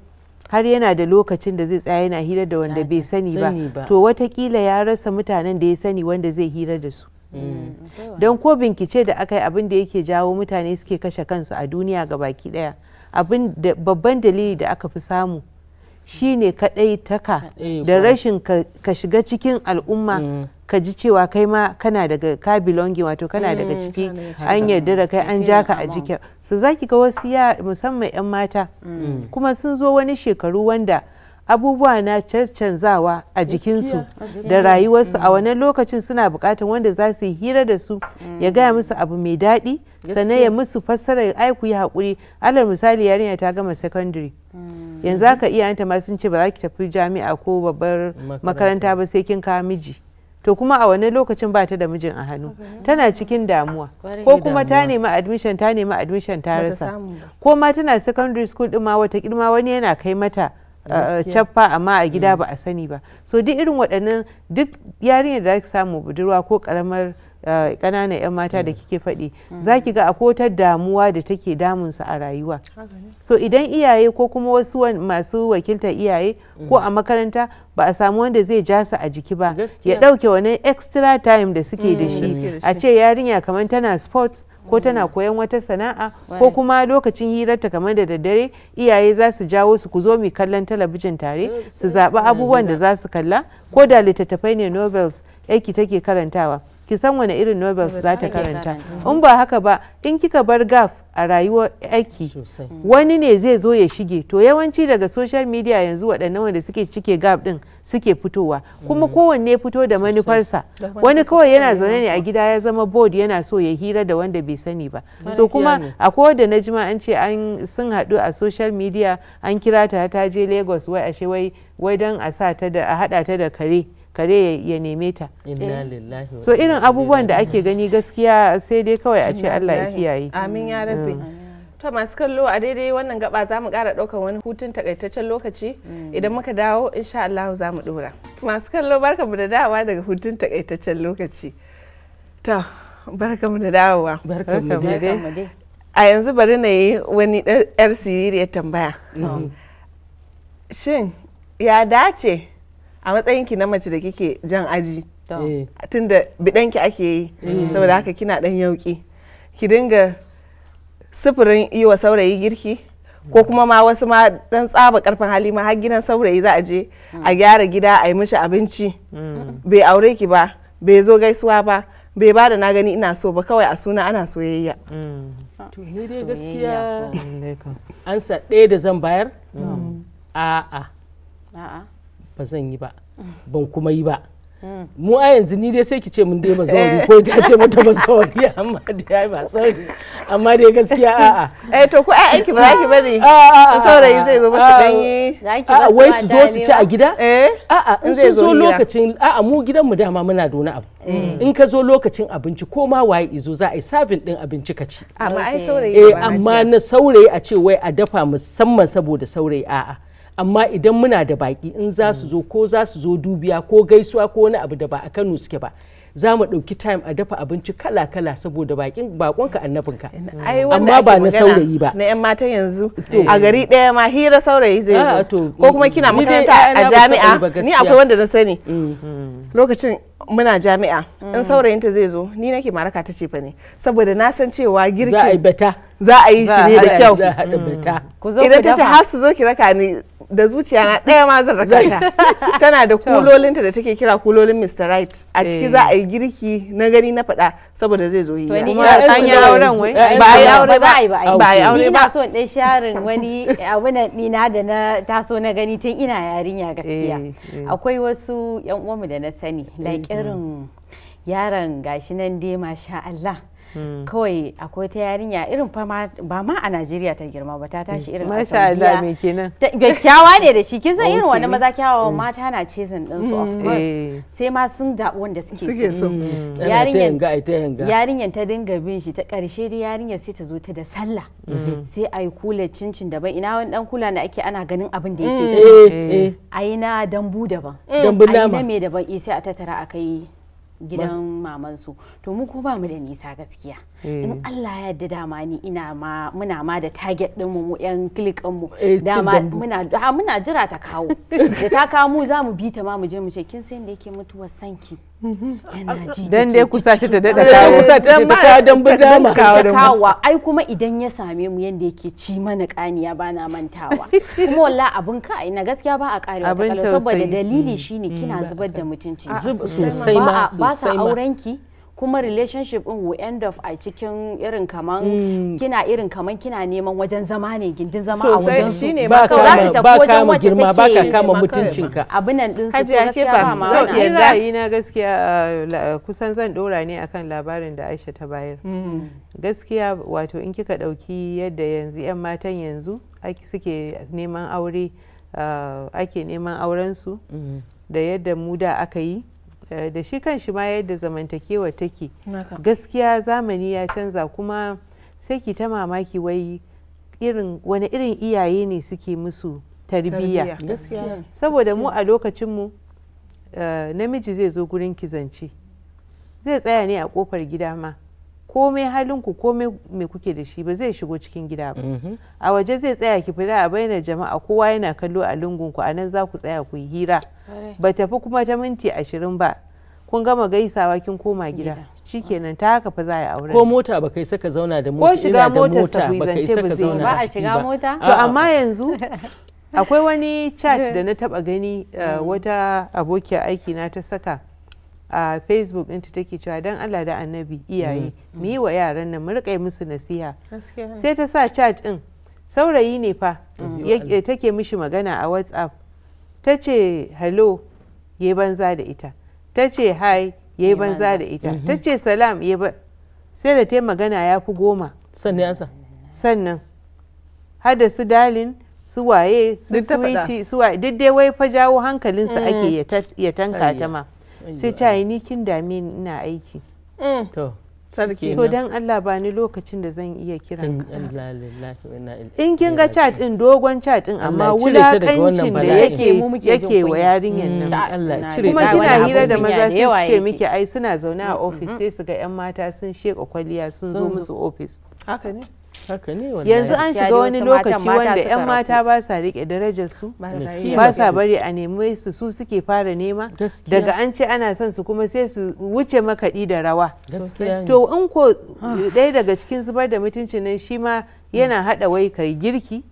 har yana da lokacin da zai tsaya yana hira da wanda bai sani ba to watakila ya rasa mutanen da ya sani wanda zai hira da su don ko bincike da aka yi abin da yake jawo mutane suke kashe kansu a duniya ga baki ɗaya abin babban dalili da aka fi samu shine kadai taka da rashin ka shiga cikin al'umma ka ji cewa kai ma kana daga ka belonging wato kana mm, daga ciki an yarda da kai an ja ka a jikin su zaki ga wasu ya musamman 'yan mata mm. kuma sun zo wani shekaru wanda abubuwa na canzawa a jikinsu da rayuwarsu a mm. wannan lokacin suna bukatan wanda za su yi hira da su ya gaya musu abu mai daɗi sannan ya musu fassara ai ku yi haƙuri alal misali yarinya ta gama secondary yanzu haka iyayenta ma sun ce ba za ki tafi jami'a ko babbar makaranta ba sai kin kawo miji to kuma a wani lokacin ba ta da mijin a hannu tana cikin damuwa ko kuma ta nemi admission ta nemi admission ta rasa ko ma tana secondary school din ma wata girma wani yana kai mata eh, eh, cappa amma a gida mm. ba a sani ba so duk irin waɗannan duk yarinyar da aka samu budurwa ko karamar kananan eh, 'yan mata da mm. kike faɗi mm. za ki ga akotar damuwa da take damunsa a rayuwa so idan iyaye ko kuma wasu masu wakilta iyaye mm. ko a makaranta ba a samu wanda zai ja su a jiki ba ya ɗauke wani extra time da suke da shi a ce yarinya kamar tana sports ko tana koyan wata sana'a ko kuma lokacin hirarta kamar da daddare iyaye za su jawo su ku zo mu kallon talabijin tare su zaɓi abubuwan da za su kalla ko da littattafai ne novels aiki take karantawa ki san wani irin nobel za ta karanta in ba haka ba in kika bar gaf a rayuwar aiki mm. wani ne zai zo ya shige to yawanci daga social media yanzu waɗannan wanda suke cike gaf ɗin suke fitowa kuma mm. kowanne fito da manufarsa wani kawai yana zaune ne a gida ya zama board yana so ya hira da wanda bai sani ba so kuma a da na jima an ce an sun haɗu a social media an kira ta ta je lagos wai ashe wai wai don a sa a haɗa ta da kare kare ya neme ta eh. so irin abubuwan da ake gani gaskiya sai dai kawai a ce Allah ya kiyaye amin ya rabe. Mm. ta masu kallo a daidai wannan gaba za mu kara ɗaukar wani hutun takaitaccen lokaci mm. idan muka dawo insha Allah za mu ɗora masu kallo mu da dawowa daga hutun takaitaccen lokaci ta mu da dawowa barkamu dai a yanzu bari na yi wani ɗan yar siririyar tambaya mm-hmm. shin ya dace a matsayin ki na mace da kike jan aji eh. tunda bidanki ake yi mm. saboda haka kina dan yauki ki dinga sufurin yi saurayi girki ko mm. kuma ma wasu ma dan tsaba karfin hali ma har gidan saurayi za a je a mm. gyara gida a yi mishi abinci bai aure ki ba bai zo gaisuwa ba bai ba da na gani ina so ba kawai a suna ana soyayya to ni dai gaskiya ansa ɗaya da zan bayar a'a ba zan yi ba mm. ban kuma yi ba mm. mu a yanzu ni dai sai ki ce mun dai mazauri eh. ko ta ce mata mazauri <laughs> amma yi ba sauri amma dai gaskiya a'a eh to ku ai aiki ba za ki bari saurayi zai zo musu dan a'a wai su zo su ci a gida eh, a'a in sun zo lokacin a mu gidan mu dama muna da wani abu mm. in ka zo lokacin abinci ko ma waye izo za a yi sabin din abinci ka ci amma ai saurayi eh amma na saurayi a ce wai a dafa musamman saboda saurayi a'a amma idan muna da baki in za su zo ko za su zo dubiya ko gaisuwa ko wani abu da ba a Kano suke ba za mu ɗauki time a dafa abinci kala-kala saboda bakin bakonka annabinka amma ba na saurayi ba na 'yan mata yanzu a gari ɗaya ma hira saurayi zai zo ko kuma kina makaranta a jami'a ni akwai wanda na sani mm. Mm. lokacin muna jami'a in mm. saurayin ta zai zo ni nake maraka ta ce fa ne saboda na san cewa girki za a yi bata za a yi shi ne da kyau mm. idan ta ce hafsu zo ki raka ni da zuciya na ɗaya ma zan raka ta <laughs> tana da kulolinta da take kira kulolin Mr. Right a eh. ciki za a yi girki na gani na faɗa saboda zai zo hira kuma san ya auren wai ba a yi aure ba ba ba yi aure ba so ɗan sharin wani abuna dina da na taso na gani tun ina yarinya gaskiya eh, eh. akwai wasu yan uwanmu da na sani like irin yaron gashi nan dai masha Allah Hmm. kawai akwai ta yarinya irin fama ba ma a Najeriya ta girma ba ta tashi irin a Saudiya me kenan kyakkyawa ne da shi kin san irin wani maza kyawawa hmm. mata na chasing din su of hmm, course eh. sai ma sun zaɓi wanda suke so yarinyan ta dinga bin shi ta karshe dai yarinyar sai ta zo ta da sallah sai a yi kula cincin daban ina wani dan kula na ake ana ganin abin da yake ci eh, eh. a yi na dambu daban dambu nama a yi na me daban sai a tattara a kai gidan mamansu to mu ko ba mu da nisa gaskiya in eh. Allah ya yarda dama ni ina ma muna ma da target din mu mu yan click din mu eh, dama muna ah, muna jira ta kawo <laughs> da ta kawo mu za mu bi ta ma mu je mu ce kin san da yake mutuwa sanki mhm. ah, dan dai ku sace ta dada kawo ku sace ta ta dan budama kawo ai kuma idan ya same mu yanda yake ci mana kaniya ba na mantawa kuma wallahi abun ka na gaskiya ba a kare wata saboda dalili shine kina mm. zubar da mutunci sosai ma ba sa aurenki kuma relationship in will end up a cikin irin kaman mm. kina irin kaman kina neman wajen zama ne gindin zama a wajen su ba ka ba ka mu girma ba ka kama mutuncinka abin nan din su gaskiya ba ma na gaskiya uh, kusan zan dora ne akan labarin da Aisha ta bayar mm. gaskiya wato in kika dauki yadda yanzu yan matan yanzu suke neman aure uh, ake neman auren su mm. da yadda mu da aka yi Eh, da shi kan shi ma yadda zamantakewa take gaskiya zamani ya canza kuma sai ki ta mamaki wai irin wani irin iyaye ne suke musu tarbiyya saboda mu a lokacin mu eh, namiji zai zo gurin ki zance zai tsaya ne a kofar gida ma komai halinku komai mai kuke da shi ba zai shigo cikin gida ba mm-hmm. a waje zai tsaya ki fita a bayyana jama'a kowa yana kallo a lungunku a nan za ku tsaya ku yi hira ba tafi kuma ta minti ashirin ba kun gama gaisawa kin koma gida shikenan ta haka fa za a aure ko mota ba kai saka zauna da mota ko shiga mota ba kai saka zauna ba a shiga mota to amma yanzu <laughs> akwai wani chat da na taba gani hmm. eh, wata abokiyar aiki na ta saka a facebook ɗinta take cewa don allah da annabi iyaye hmm. mu yi wa yaran nan mu riƙa musu nasiha sai ta sa chat ɗin saurayi ne fa take mishi magana a whatsapp ta ce hello ya yi banza da ita ta ce hi ya yi banza da ita mm-hmm. ta ce salam ya ba sai da ta magana ya fi goma sannan hada su dalin su waye su suwiti su waye duk dai wai fa jawo hankalinsa ake mm. ya tanka ta ma sai ta yi ni kin dame ina aiki mm. sarki to dan Allah ba ni lokacin da zan iya kiran in kin ga chat din dogon chat din amma wulakancin da yake yake wa yarinyan nan mm, kuma kina hira da maza sai su ce miki ai suna zaune a mm, mm, office sai su ga yan mata sun sheka kwalliya sun zo musu office haka ne yanzu an shiga wani lokaci wanda 'yan mata ba sa riƙe darajar su ba sa bari a nemi su su suke fara nema daga an ce ana son su kuma sai su wuce makaɗi da rawa to in ko ah. ɗaya daga cikin zubar da mutuncin nan shi ma yana haɗa wai kai girki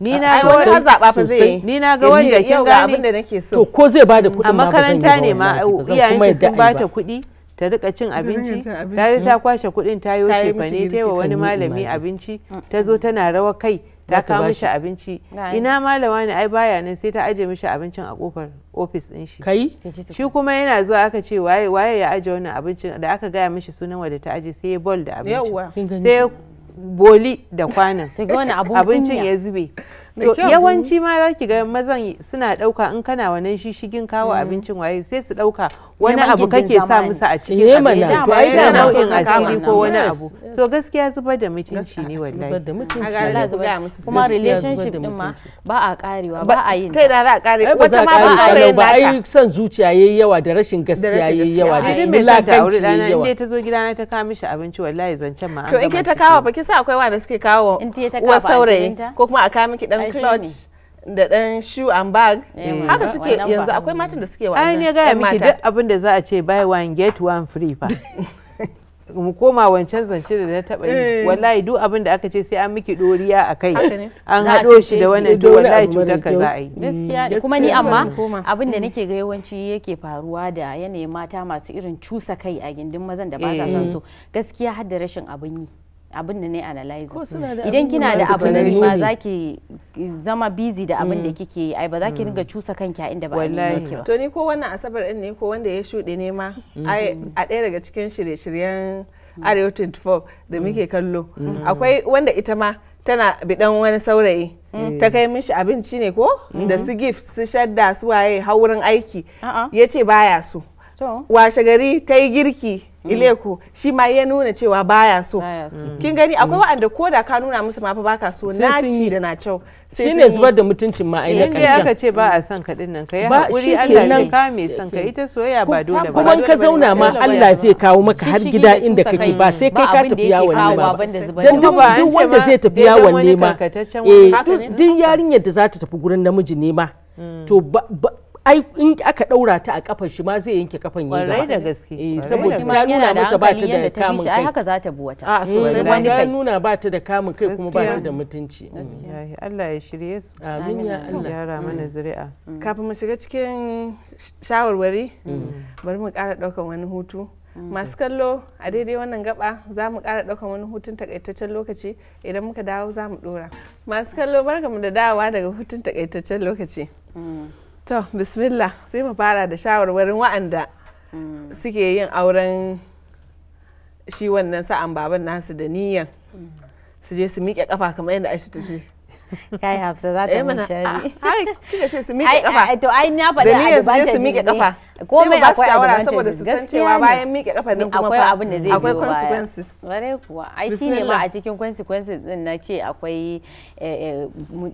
ni na ga wani zaɓa fa zai ni na ga wanda kin gani to ko zai bada kuɗi a makaranta ne ma iyayen sun bata kuɗi ta rika cin abinci ta ta kwashe kudin ta yi ne ta yi wa wani malami abinci mm, ta zo mm. tana rawa kai ta kawo mishi abinci ina malama ne ai baya nan sai ta aje mishi abincin a kofar ofis din shi kai shi kuma yana zuwa aka ce waye waye ya aje wannan abincin da aka gaya mishi sunan wadda ta aje sai ya bol da abincin sai boli da kwanan <laughs> abincin ya zube to yawanci ma za ki ga mazan suna dauka in kana wannan shishigin kawo mm. abincin waye sai su dauka wani abu kake sa musu a cikin eh, abincin ko ai da nau'in asiri ko wani abu so gaskiya zubar da mutunci ne wallahi kuma relationship din ma ba a karewa ba a yin ta za a kare wata ma ba a yin ba ai son zuciya yayi yawa da rashin gaskiya yayi yawa da milakanci yayi yawa in ta zo gidana ta kawo mishi abinci wallahi zancen ma an to in ke ta kawo ba ki sa akwai wanda suke kawo wa saurayi ko kuma a kawo miki dan dan clutch da dan shoe and bag haka suke yanzu akwai matan da suke wannan ai ne ga miki duk abin da za a ce buy one get one free fa <laughs> mu koma wancan zance da na taba yi eh. wallahi duk abin da aka ce sai an miki doriya a kai an haɗo shi da wannan to wallahi cutar ka za a yi kuma ni amma abin da mm. nake ga yawanci yake faruwa da yanayin mata masu irin cusa kai a gindin mazan da ba sa san eh. so gaskiya har da rashin abin yi abin da ne idan kina da abu ne ma za ki zama busy da abin da mm. kike yi ai ba za ki mm. dinga cusa kanki a inda ba a ba to ni ko wannan asabar din ne ko wanda ya shuɗe ne ma mm. a ɗaya daga cikin shirye-shiryen arewa 24 da muke kallo akwai wanda ita ma tana bidan wani saurayi eh. ta kai mishi abinci ne ko mm-hmm. da su gift su shadda su waye haurin aiki yace ce baya so washe gari ta yi girki Mm. ileku shi ma ya nuna cewa baya so mm. Mm. kin gani akwai wa'anda ko da ka nuna musu ma fa baka so naci da na cau sai ne zubar da mutuncin ma ai kan inda aka ce ba a son ka dinnan kai hakuri Allah ne ka mai son ka ita soyayya ba dole ba kuma ka zauna ma Allah zai kawo maka har gida inda kake ba sai kai ka tafi yawon nema ba dan duk wanda zai tafi yawon nema eh duk yarinyar da za ta tafi gurin namiji nema to ai in aka daura ta a kafar shi ma zai yanke kafan yi gaba da gaske eh saboda ta nuna masa ba ta da kamun kai haka za ta bi wata a sosai ba ta nuna ba ta da kamun kai kuma ba ta da mutunci mm. Allah ya shirye su amin ya Allah yara mm. mana zuri'a mm. kafin mu shiga cikin shawarwari bari mu ƙara daukan wani hutu masu kallo a daidai wannan gaba za mu kara daukan wani hutun takaitaccen lokaci idan muka dawo za mu ɗora masu kallo barkamu da dawa daga hutun takaitaccen lokaci to bismillah sai mu fara da shawarwarin wa'anda mm. suke yin auren shi wannan sa'an baban nasu da niyan mm. su je su miƙe kafa kamar yadda aisha ta ce ka yi hafsa za ta eh mun shari ai kika ce su miƙe kafa to ai na faɗi advantage su miƙe kafa komai akwai shawara saboda su san cewa bayan miƙe kafa nan kuma akwai abin da zai akwai consequences bare kuwa ai ne ma a cikin consequences din na ce akwai eh, eh,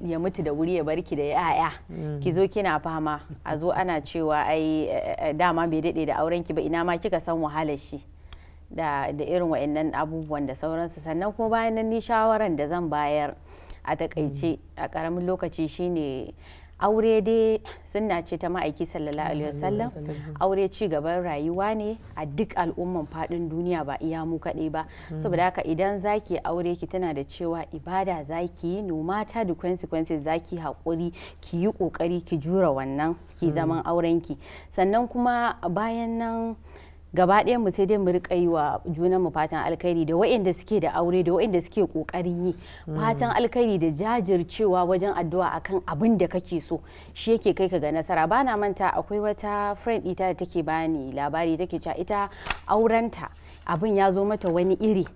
ya mutu da wuri ya barki da yaya mm. ki zo kina fama a zo ana cewa ai dama bai daɗe da auren ki ba ina ma kika san wahalar shi da irin wa'annan abubuwan da sauransu sannan kuma bayan nan ni shawaran da zan bayar a takaice mm. a karamin lokaci shine aure dai sunna ce ta ma'aiki sallallahu alaihi wasallam aure ci gaban rayuwa ne a duk al'umman fadin duniya ba iya mu kaɗai ba mm. saboda haka idan zaki aure ki tana da cewa ibada zaki yi no mata da consequences zaki haƙuri ki yi ƙoƙari ki jura wannan ki mm. zaman aurenki sannan kuma bayan nan gaba ɗayan mu sai dai mu rika yi wa junan mu fatan alkhairi da waɗanda suke da aure da waɗanda suke ƙoƙarin yi mm. fatan alkhairi da jajircewa wajen addu'a akan abin da kake so shi yake kai ka ga nasara bana manta akwai wata friend ita da take bani labari take cewa ita aurenta abin ya zo mata wani iri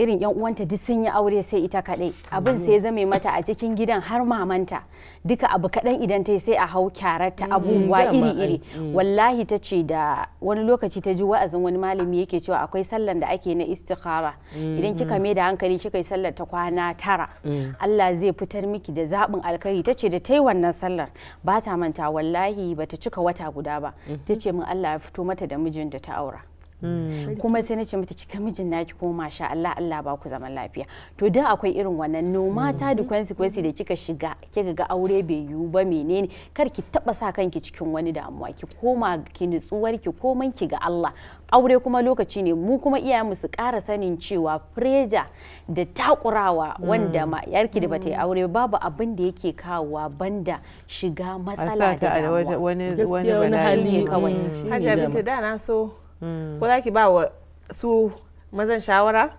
irin yan uwanta duk sun yi aure sai ita kadai abin sai zame mata a cikin gidan har mamanta duka abu kadan idan ta sai a hau kyararta mm-hmm. abubuwa iri iri mm. wallahi ta ce da wani lokaci ta ji wa'azin wani malami yake cewa akwai sallan da ake na istikhara mm-hmm. idan kika mai da hankali kika yi sallar ta kwana tara mm. Allah zai fitar miki da zabin alkari ta ce da ta yi wannan sallar ba ta manta wallahi ba ta cika wata guda ba mm-hmm. ta ce min Allah ya fito mata da mijinta ta aura Mm. kuma sai na ce mata kika mijin ki koma sha Allah Allah ba ku zaman lafiya to da akwai irin wannan no mata da mm. consequence da kika shiga kika ga aure bai yiwu ba menene kar ki taba sa kanki cikin wani damuwa ki koma ki nutsuwar ki koman ki ga Allah aure kuma lokaci ne mu kuma mu su ƙara sanin cewa freja da takurawa mm. wanda ma yarki da bata yi aure babu abin da yake kawowa banda shiga matsala da damuwa wani wani hali kawai da na so Mm. ko za ki ba wa su mazan shawara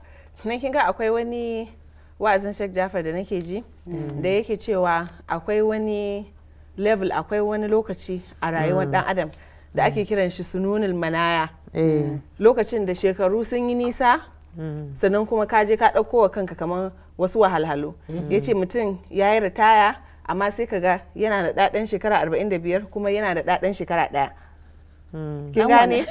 nan kin ga akwai wani wa'azin Sheikh Jafar da nake ji mm. da yake cewa akwai wani level akwai wani lokaci a rayuwar dan mm. adam da ake kiran shi sununul manaya eh. lokacin da shekaru sun yi nisa sannan kuma ka je ka ɗauko wa kanka kamar wasu wahalhalu ya ce mutum ya yi ritaya amma sai ka ga yana da ɗaɗan shekara 45 kuma yana da ɗaɗan shekara ɗaya ki gane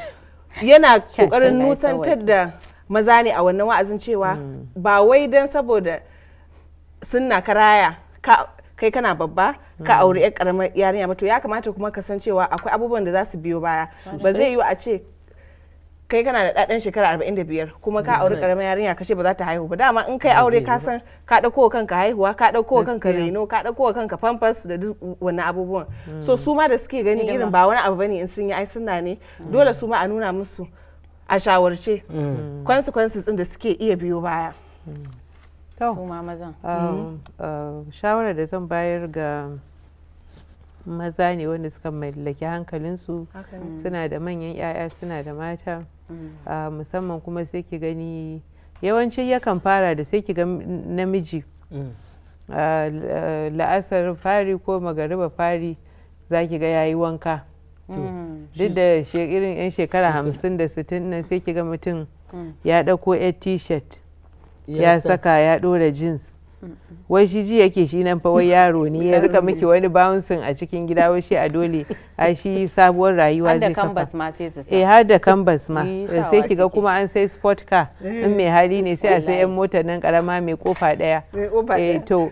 yana kokarin nusantar da maza ne a wannan wa'azin cewa hmm. ba wai don saboda sunna karaya kai kana babba ka hmm. aure yar karamar yarinya ba to ya kamata kuma ka san cewa akwai abubuwan da za su biyo baya ba zai yi a ce kai kana da ɗaɗan shekara arba'in da biyar kuma ka auri ƙaramin yarinya kashe ba za ta haihu ba dama in kai aure ka san ka ɗauko kanka haihuwa ka ɗauko kanka reno ka ɗauko kanka pampers da duk wannan abubuwan hmm. so su ma da suke gani irin ba wani abu bane in sun yi ai suna ne hmm. dole su ma a nuna musu a shawarce hmm. consequences din da suke iya biyo baya um, um, shawarar da zan bayar ga maza ne wanda suka mallaki hankalinsu suna da manyan 'ya'ya suna da mata Mm. Ah, musamman kuma sai ki gani yawanci yakan fara da sai ki ga namiji mm. ah, ah, la'asar fari ko magariba fari za ki ga yayi wanka mm. duk da irin 'yan shekara hamsin da sittin nan sai ki ga mutum ya ɗauko 'yar t-shirt ya saka ya ɗora jeans wai shi ji yake shi nan fa wai yaro ne ya rika miki wani bouncin a cikin gida wai shi a dole a shi sabuwar rayuwa zai kafa eh har da canvas ma eh, sai kiga kuma an sai sport car eh. in mai hali ne sai a sai yan motar nan karama mai kofa daya eh to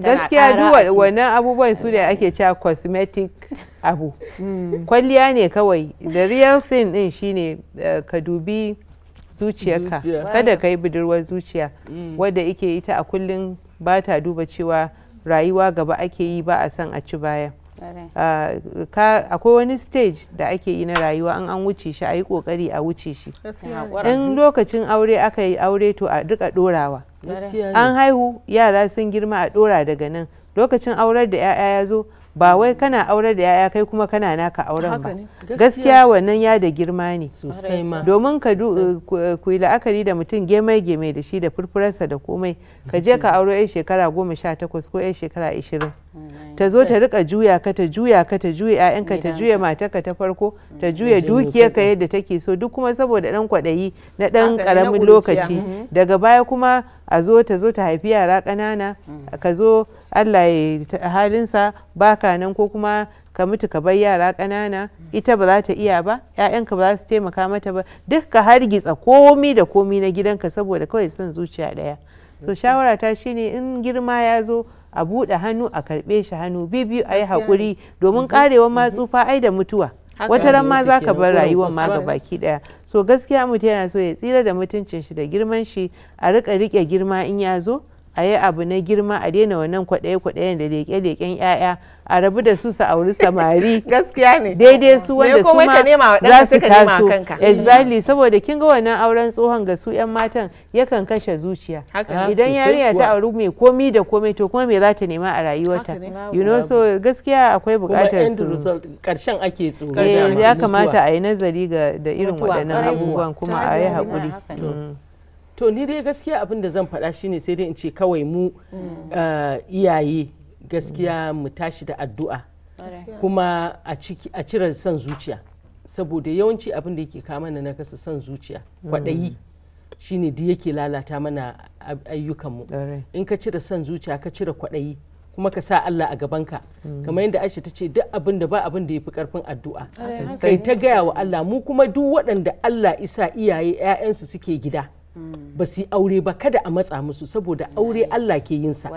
gaskiya duk wannan abubuwan su da ake cewa cosmetic abu <laughs> hmm. kwalliya ne kawai the real thing din shine eh, ka dubi zuciyarka kada ka yi budurwar zuciya mm. wadda ike ita a kullum ba ta duba cewa rayuwa gaba ake yi ba a san a ci baya ah, akwai wani stage da ake yi na rayuwa an an wuce shi a yi kokari a wuce shi in lokacin aure aka yi aure to a duka dorawa an haihu yara sun girma a dora daga nan lokacin aurar da 'ya'ya ya zo ba wai kana aure da yaya kai kuma kana naka auren ba gaskiya wannan ya da girma ne domin ka ku yi la'akari da mutum gemai gemai da shi da furfurarsa da komai ka je ka aure 'yan shekara goma sha takwas ko 'yan shekara ashirin ta zo ta rika juya ka ta juya ka ta juya ƴaƴanka ta juya matarka ta farko mm. ta juya dukiyarka yadda take so duk kuma saboda dan kwaɗayi na dan karamin lokaci mm-hmm. daga baya kuma a zo ta zo ta haifi yara ƙanana mm. ka zo Allah ya halinsa baka nan ko kuma ka mutu ka bar yara ƙanana mm. ita ba za ta iya ba ƴaƴanka ba za su taimaka mata ba duk ka hargitsa komi da komi na gidanka saboda kawai son zuciya ɗaya so shawara ta shine in girma ya zo a buɗe hannu a karɓe shi hannu biyu a yi haƙuri domin karewa mhm. ma mhm. tsufa ai da mutuwa wata ran ma zaka bar rayuwar ma ga baki ɗaya so gaskiya mutum yana so ya tsira da mutuncin shi da girman shi a riƙa rike girma in ya zo a yi abu na girma a daina wannan kwaɗaye-kwaɗayen da leƙe-leƙen ƴaƴa a rabu da su su auri samari <laughs> gaskiya ne daidai su wanda su ma za su taso exactly saboda kin ga wannan auren tsohon ga su 'yan matan yakan kashe zuciya ah, idan yarinya ta auri mai komi da komai to kuma me za ta nema a rayuwarta you know so gaskiya akwai bukatar su karshen ake tsoro eh, ya kamata a yi nazari ga da irin waɗannan abubuwan kuma a yi haƙuri to ni dai gaskiya abin da zan faɗa shine sai dai in ce kawai mu mm. eh, iyaye gaskiya mu tashi da addu'a kuma a cire son zuciya saboda yawanci abin da yake kama na kasa son zuciya mm. kwaɗayi shine da yake lalata mana ayyukanmu in ka cire son zuciya ka cire kwaɗayi kuma ka sa Allah a gabanka mm. kamar yadda Aisha ta ce duk abin da ba abin da ya fi karfin addu'a kai ta gaya wa Allah mu kuma duk waɗanda Allah isa iyaye 'ya'yansu suke gida ba su yi aure ba kada a matsa musu saboda aure Allah ke yin sa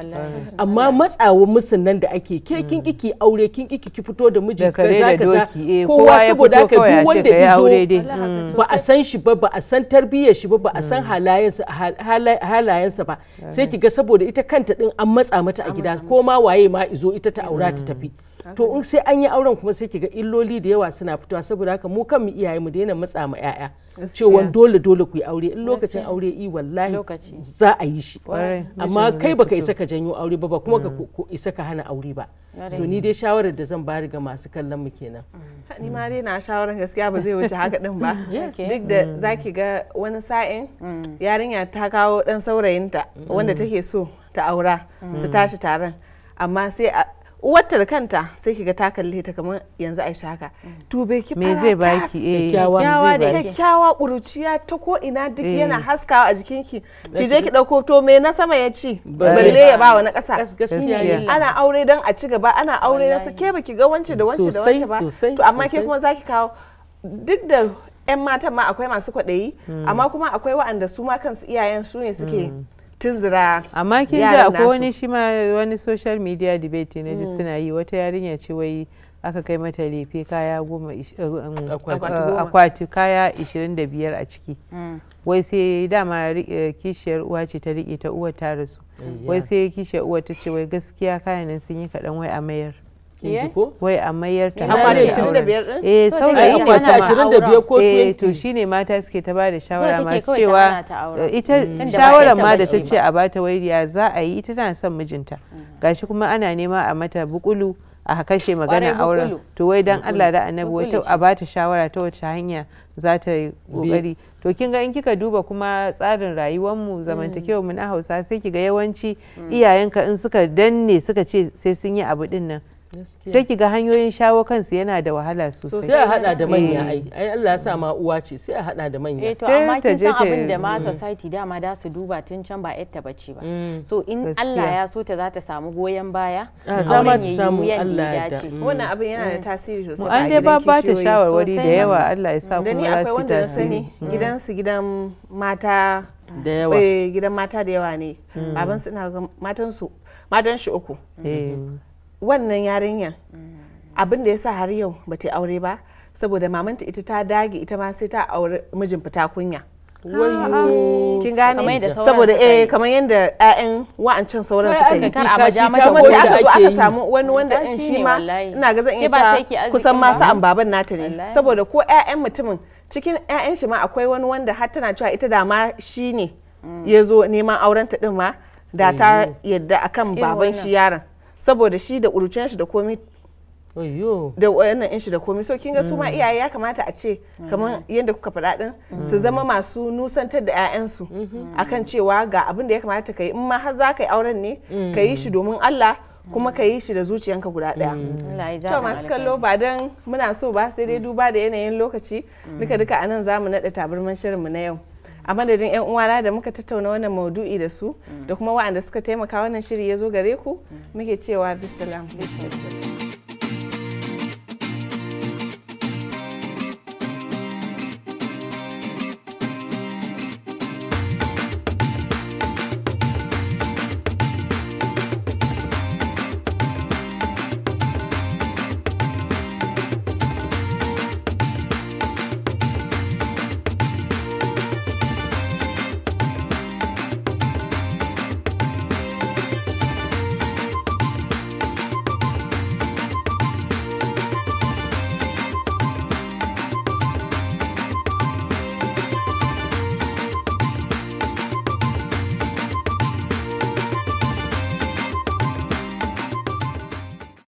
amma matsawa musu nan da ake ke hmm. kin kiki aure kin kiki ki fito da miji ka ka za kowa saboda ka duk wanda ya hmm. ba a san shi ba ba a san tarbiyyar shi ba ba a san hmm. halayen sa ba sai ki ga saboda ita kanta din an matsa mata a gida ko ma waye ma izo ita ta aura ta tafi to in sai an yi auren kuma sai kiga illoli da yawa suna fitowa saboda haka mu kan mu iyaye mu daina matsa yaya ce cewa dole dole ku yi aure in lokacin aure i wallahi za a yi shi amma kai baka isa ka janyo aure ba ba kuma ka mm. isa ka hana aure ba to ni dai shawarar da zan bari ga masu kallon mu kenan mm. ni ma dai na shawarar gaskiya ba zai wuce haka din ba <laughs> duk da mm. zaki ga wani sa'in yarinya ta kawo dan saurayinta wanda take so ta aura su tashi taron amma sai uwarta da kanta sai kiga ta kalle ta kamar yanzu aisha shaka to bai ki me zai baki eh. kyakkyawa da kyakkyawa kuruciya ta ko ina duk eh. yana haskawa a jikin ki je ki dauko to me na sama ya ci balle ya ba wa na kasa ana aure dan a ci gaba ana aure dan su ke baki ga wance da wance da wance ba to amma ke kuma zaki kawo duk da yan matan ma akwai masu kwaɗayi hmm. amma kuma akwai wa'anda su ma kansu iyayen su ne suke hmm. tuzura amma kin ji akwai wani shi ma wani social media debate ne ji mm. suna yi wata yarinya ce wai aka kai mata lefe kaya goma eh, um, akwati kaya 25 a ciki mm. wai sai dama eh, kishiyar uwa ce ta riƙe ta uwa ta rasu wai sai kishiyar uwa ta ce wai gaskiya kayanin sun yi kaɗan wai a mayar Eh? wai a mayar ta amma da 25 eh saurayi ne kuma ko eh, to shine mata suke ta bada shawara masu cewa ita shawara ma da ta ce a bata wairiya za a yi ita tana son mijinta mm-hmm. gashi kuma ana nema a mata bukulu a kashe magana auren to wai dan Allah da annabi wai a bata shawara ta wace hanya za ta yi kokari to kin ga in kika duba kuma tsarin rayuwarmu mm. zamantakewar mu na Hausa sai kiga yawanci mm. iyayenka in suka danne suka ce sai sun yi abu din nan sai ki ga hanyoyin shawo kansu yana da wahala sosai sai a hada da eh. manya ai ai Allah ya sa ma uwa ce sai a hada da manya eh to amma kin san abin da ma society dama da su duba tun can ba yatta bace ba mm. so in Allah ya so ta za ta samu goyen baya ah, za ma ta samu Allah ya dace mm. wannan abin yana da mm. tasiri sosai an dai ba ba ta shawarwari da yawa Allah ya sa ku za su sani gidan su gidan mata da yawa eh, gidan mata da yawa ne baban su ina matan su matan shi uku eh. mm-hmm. wannan yarinya mm. abin da ya sa har yau ba ta aure ba saboda mamanta ita ta dage ita ma sai ta aure mijin fita kunya kin gane saboda eh kamar yadda ƴaƴan wa'ancin sauran suka yi kar a maja mata da aka samu wani wanda in shi ma ina ga zan iya kusan ma sa'an baban nata ne saboda ko ƴaƴan mutumin cikin ƴaƴan shi ma akwai wani wanda har tana cewa ita da ma shi ne mm. ya zo neman auren ta din ma da ta yadda akan baban shi yaron saboda shi da ƙurucin shi da komi da wayannan in shi da komi so kin ga su ma mm. iyaye ya kamata a ce mm. kamar yadda kuka faɗa din su mm. zama masu nusantar da 'ya'yansu mm-hmm. akan cewa ga abin da ya kamata ka yi in ma har za ka yi auren ne ka yi shi domin Allah kuma ka yi shi da zuciyanka guda ɗaya. To masu kallo ba don muna so ba sai dai duba da yanayin lokaci duka duka anan za mu naɗa tabarman shirinmu na yau. a madadin yan uwana da muka tattauna wannan maudu'i da su da kuma wa'anda suka taimaka wannan shiri ya zo gare ku mm. muke cewa bisalam